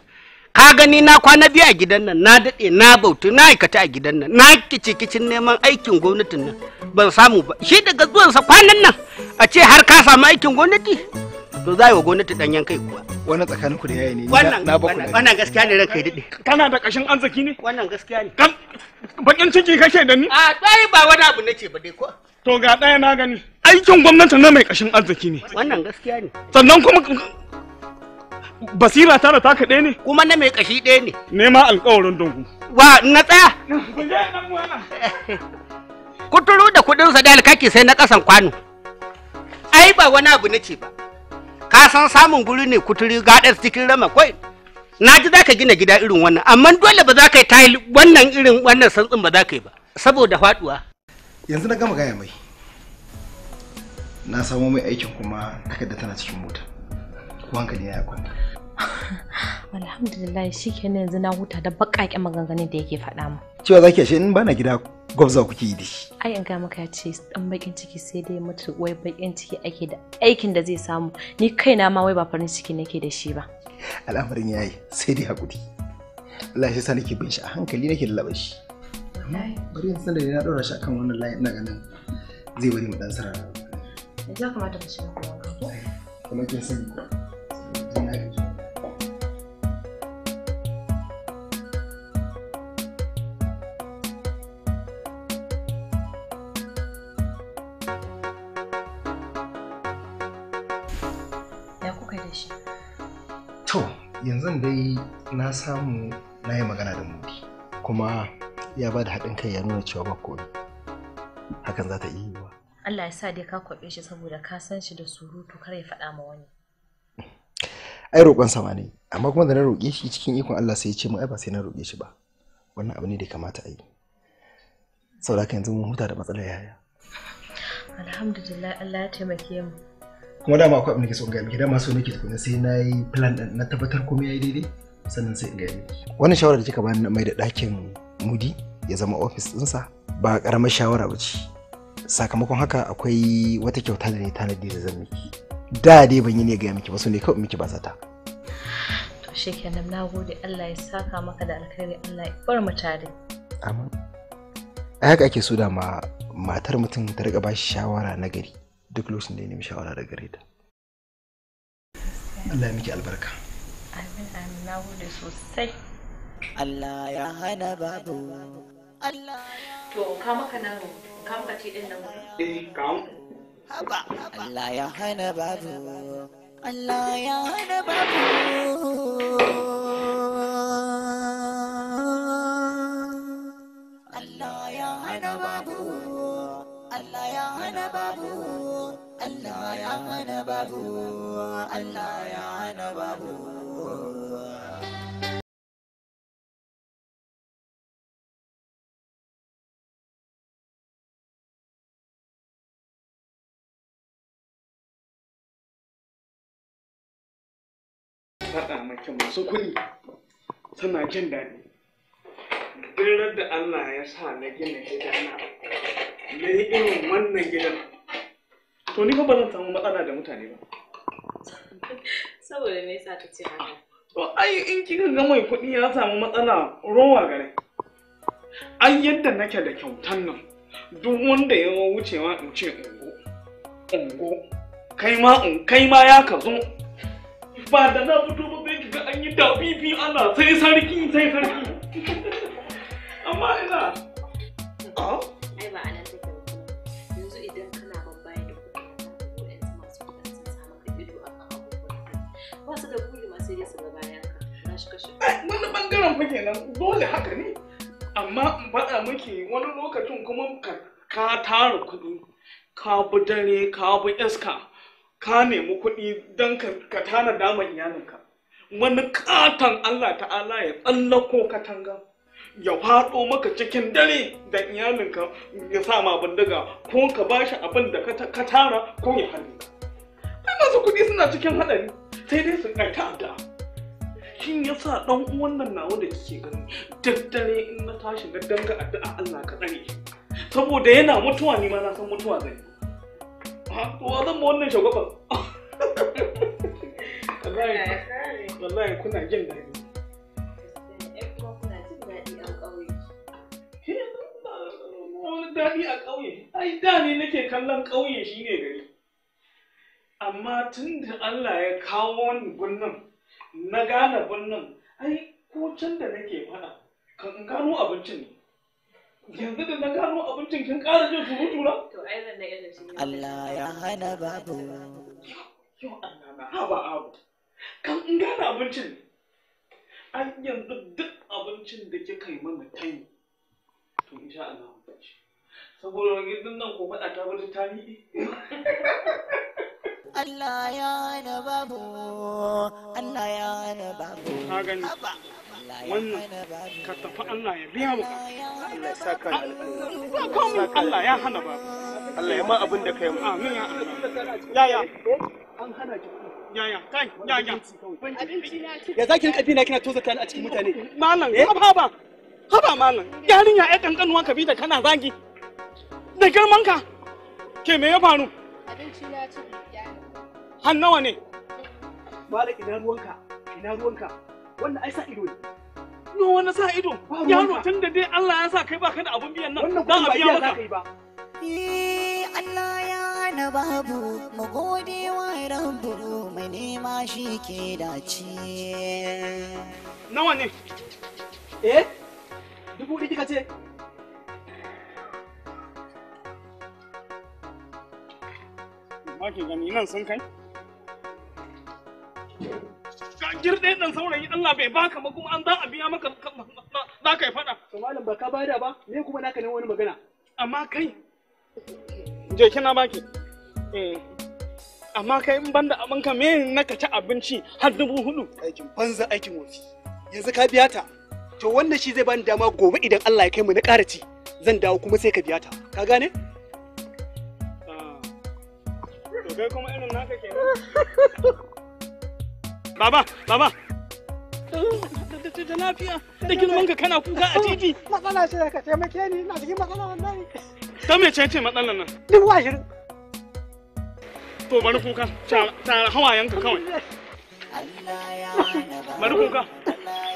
Ka gani na kwana biyu a gidan nan, na daɗe, na bautu, na aikata a gidan nan, na kicin neman aikin gwamnatin nan ban samu ba. Shi daga zuwansa kwanan nan a ce har ka samu aikin gwamnati. To za yi wa gwamnati ɗanyen yankai kuwa. Wannan tsakanin ku da yayi ne. Wannan wannan gaskiya ne ranka yi daɗe. Kana da ƙashin arziki ne? Wannan gaskiya ne. Bakin ciki kake da ni? A dai ba wani abu nake ba dai ko. To ga ɗaya na gani. Aikin gwamnati na mai ƙashin arziki ne. Wannan gaskiya ne. Sannan kuma basira tana taka ɗaya ne. Kuma na mai ƙashi ɗaya ne. Nema alƙawarin dungu. Wa na tsaya. Kuturu da kuɗin sa da alkaki sai na ƙasan kwano. Ai ba wani abu nace ba. Ka san samun guri ne kuturi gaɗar cikin rama kai. Na ji za ka gina gida irin wannan, amma dole ba za ka yi tayil wannan irin wannan santsin ba za ka yi ba, saboda faɗuwa. yanzu na gama gaya mai na samo mai aikin kuma takarda tana cikin mota ko hankali ya kwanta alhamdulillah shi ke yanzu na huta da bakake maganganun da yake faɗa mu cewa za ki ashe in bana gida gwabza kuke yi di. ai in ga maka ce dan bakin ciki sai dai mutu wai bakin ciki ake da aikin da zai samu ni kaina ma wai ba farin ciki nake da shi ba al'amarin yayi sai dai hakuri Allah ya sa nake bin shi a hankali nake da labashi. shi bari yanzu sanda ya ɗora shi akan wannan layin daga nan zai bari mu ɗan sarara yanzu ya kamata ka shiga kuma kuma kin sani To, yanzu dai na samu na yi magana da mudi kuma ya ba da haɗin kai ya nuna cewa ba komai hakan za ta iya yiwuwa Allah ya sa dai ka kwaɓe shi saboda ka san shi da surutu kar ya faɗa ma wani ai roƙon sama ne amma kuma da na roƙe shi cikin ikon Allah sai ya ce mu ai ba sai na roƙe shi ba wannan abu ne da kamata a yi saboda haka yanzu mun huta da matsalar yaya alhamdulillah Allah ya taimake mu kuma dama akwai abin da ke so gaya miki dama so nake tukuna sai na yi plan na tabbatar komai ya yi daidai sannan sai in gaya miki wannan shawara da kika bani na mai da ɗakin mudi ya zama ofis ɗinsa ba ƙaramar shawara ba ce sakamakon haka akwai wata kyauta da ne tanadi da zan miki da dai ban yi ne gaya miki ba su ne kawai miki ba zata to shikenan na gode Allah ya saka maka da alkhairi Allah ya bar mu tare amin a haka ake so da ma matar mutum ta riga bashi shawara na gari duk lokacin da ya nemi shawara da gare ta Allah ya miki albarka amin amin na gode sosai Allah ya hana babu Allah to ka maka nan ka maka ce nan eh ka haba Allah ya hana babu Allah ya hana babu Allah ya hana babu Allah ya hana babu Allah ya hana babu Allah ya hana babu makin masu kuɗi suna jin daɗi duk da Allah ya sa na gina gidana na yi irin wannan gidan to ni fa ba zan samu matsala da mutane ba saboda me yasa ka ce haka to ai in kika ga mai kuɗi ya samu matsala rowa gare ai yadda nake da kyautan nan duk wanda ya wucewa in ce ungo ungo kai ma kai ma ya ka zo ba da na fito ba Ayi yi daɓi biyu sai sarki sai sarki bangaren fa kenan dole haka ne amma in faɗa wani lokacin kuma ka tara kuɗi ka bi dare ka bi iska ka nemi kuɗi don ka tana daman iyalinka wani katon Allah ta'ala ya tsallako katanga ya faɗo maka cikin dare da iyalinka ya sa ma bindiga ko ka ba shi abin da ka tara ko ya hannu ai masu kuɗi suna cikin haɗari sai dai su kai da shin ya sa ɗan uwan nan nawa da kike gani daddare in na tashi na danga addu'a Allah ka tsare saboda yana mutuwa ni ma na san mutuwa zai wa zan ma wannan shagwaban wallahi kuna jin daɗi wani daɗi a ƙauye ai da ne nake kallon ƙauye shi ne gari amma tun da Allah ya kawo ni gunnan, na gane gunnan, ai ko can da nake mana kan gano abincin ne yanzu da na gano abincin kin ƙara jin surutu na? Allah ya hana babu. Yau Allah na haba abu. kan in gane abincin an yanzu duk abincin da kika yi mana tani to insha Allah ku ci saboda gidan nan ko faɗa ta wata tarihi Allah ya na babu Allah ya na babu ka gani wannan ka tafi Allah ya biya mu Allah ya saka alƙawari Allah ya hana babu Allah ya ma abin da kai mu amin ya Allah ya ya eh? an hana ki yaya kai yaya ya zaki na bina kina tozata a cikin mutane malam eh? haba haba malam yarinya ai kankanuwa ka bi da kana zagi da girman ka ke me ya faru abinci na ci har nawa ne malam ina ruwanka ina ruwanka wannan ai sa ido ne no wani sa ido yaro tun da dai Allah ya sa kai baka da abun biyan nan za a biya maka Eh Allah ya na babu mu gode wa rabu mai nema shi ke dace nawa ne eh dubu ɗi kika ce ma ke gani nan sun kai girɗe ɗan saurayi Allah bai baka ba kuma an za a biya maka za ka yi faɗa. To malam ba ka bada ba, me kuma naka ne wani magana. Amma kai. Je kina baki. Eh. amma kai in banda abin ka me na ka ci abinci har dubu hudu aikin banza aikin wofi yanzu ka biya ta to wanda shi zai bani dama gobe idan Allah ya kai mu na ƙara ci zan dawo kuma sai ka biya ta ka gane ah. to kai kuma irin naka kenan baba baba da lafiya da girman ka kana kuka a titi matsala ce ka taimake ni na cikin matsala wannan. ta mece ce matsalar nan dubu ashirin to bari kuka tara yanka kawai bari kuka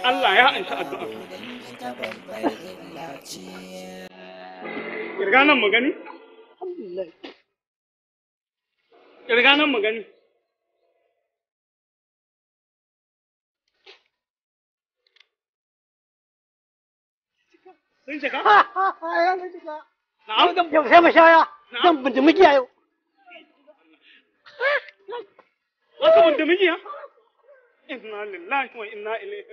Allah ya anshi addu'a kirga nan mu gani kirga nan mu gani sun shiga? ya sun shiga. Na'am? Yau sai Zan wasu bundumin iya inna lillahi wa inna ilaihi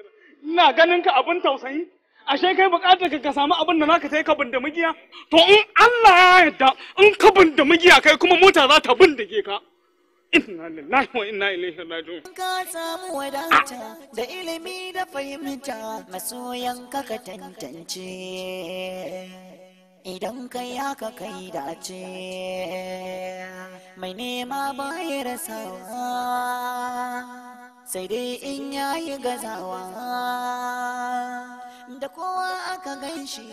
ina ganin ka abin tausayi ashe kai bukatar ka samu abin da naka sai ka bunda mugiya to in Allah ya yarda in ka bunda mugiya kai kuma mota za ta bindige ka inna lillahi wa inna ilaihi raji'un ka samu wadata da ilimi da fahimta masoyan ka ka tantance idan kai haka kai dace mai nema bai rasawa sai dai in yayi gazawa da kowa aka gan shi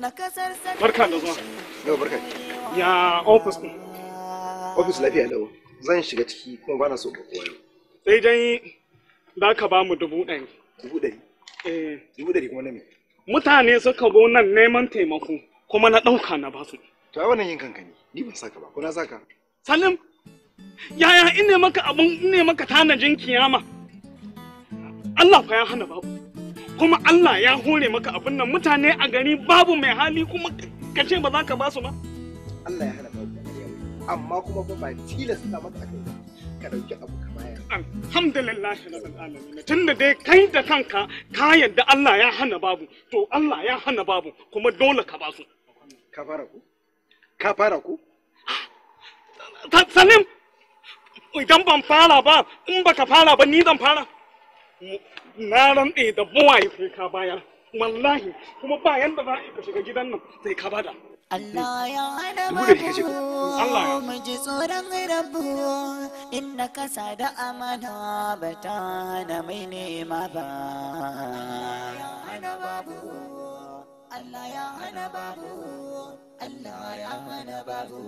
na kasar sarki barka da zuwa yau barka ya ofis ne ofis lafiya lau zan shiga ciki kuma bana so ba kowa yau sai dai za ka ba mu dubu ɗari dubu ɗari eh dubu ɗari kuma na me mutane suka zo nan neman taimako kuma na ɗauka na basu. To ai wannan yin kanka ne, ni ban saka ba, ko na saka? Salim, yaya in ne maka abun in ne maka tanajin kiyama? Allah fa ya hana babu. Kuma Allah ya hore maka abin nan mutane a gari babu mai hali kuma ka ce ba za ka basu ba? Allah ya hana babu. Amma kuma ba ba tilasta maka akai ba. Ka ɗauki abu ka bayar. Alhamdulillah rabbil alamin. Tunda dai kai da kanka ka yadda Allah ya hana babu, to Allah ya hana babu kuma dole ka basu. kafaraku kafaraku salim idan ban fara ba in ba ka fara ba ni zan fara na rantse da buwaye sai ka bayar wallahi kuma ba yanda za ka shiga gidan nan sai ka bada Allah ya hana mu mu ji tsoron rabu inda kasa da amana ba ta na mai nema ba. Allah ya Allah ya hana babu Allah ya hana babu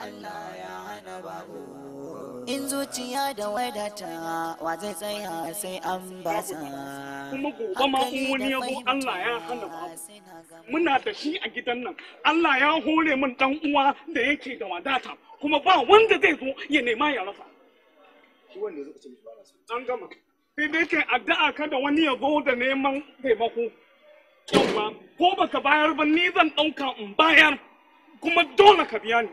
Allah ya hana babu in zuciya da wadata wa zai tsaya sai an ba sa kuma gobe ma in wani ya zo Allah ya hana babu muna da shi a gidan nan Allah ya hore min dan uwa da yake da wadata kuma ba wanda zai zo ya nema ya rasa shi wanda ce ba an gama sai dai kai addu'a kada wani ya zo da neman taimako ko baka bayar ba ni zan ɗauka in bayar kuma dole ka biya ni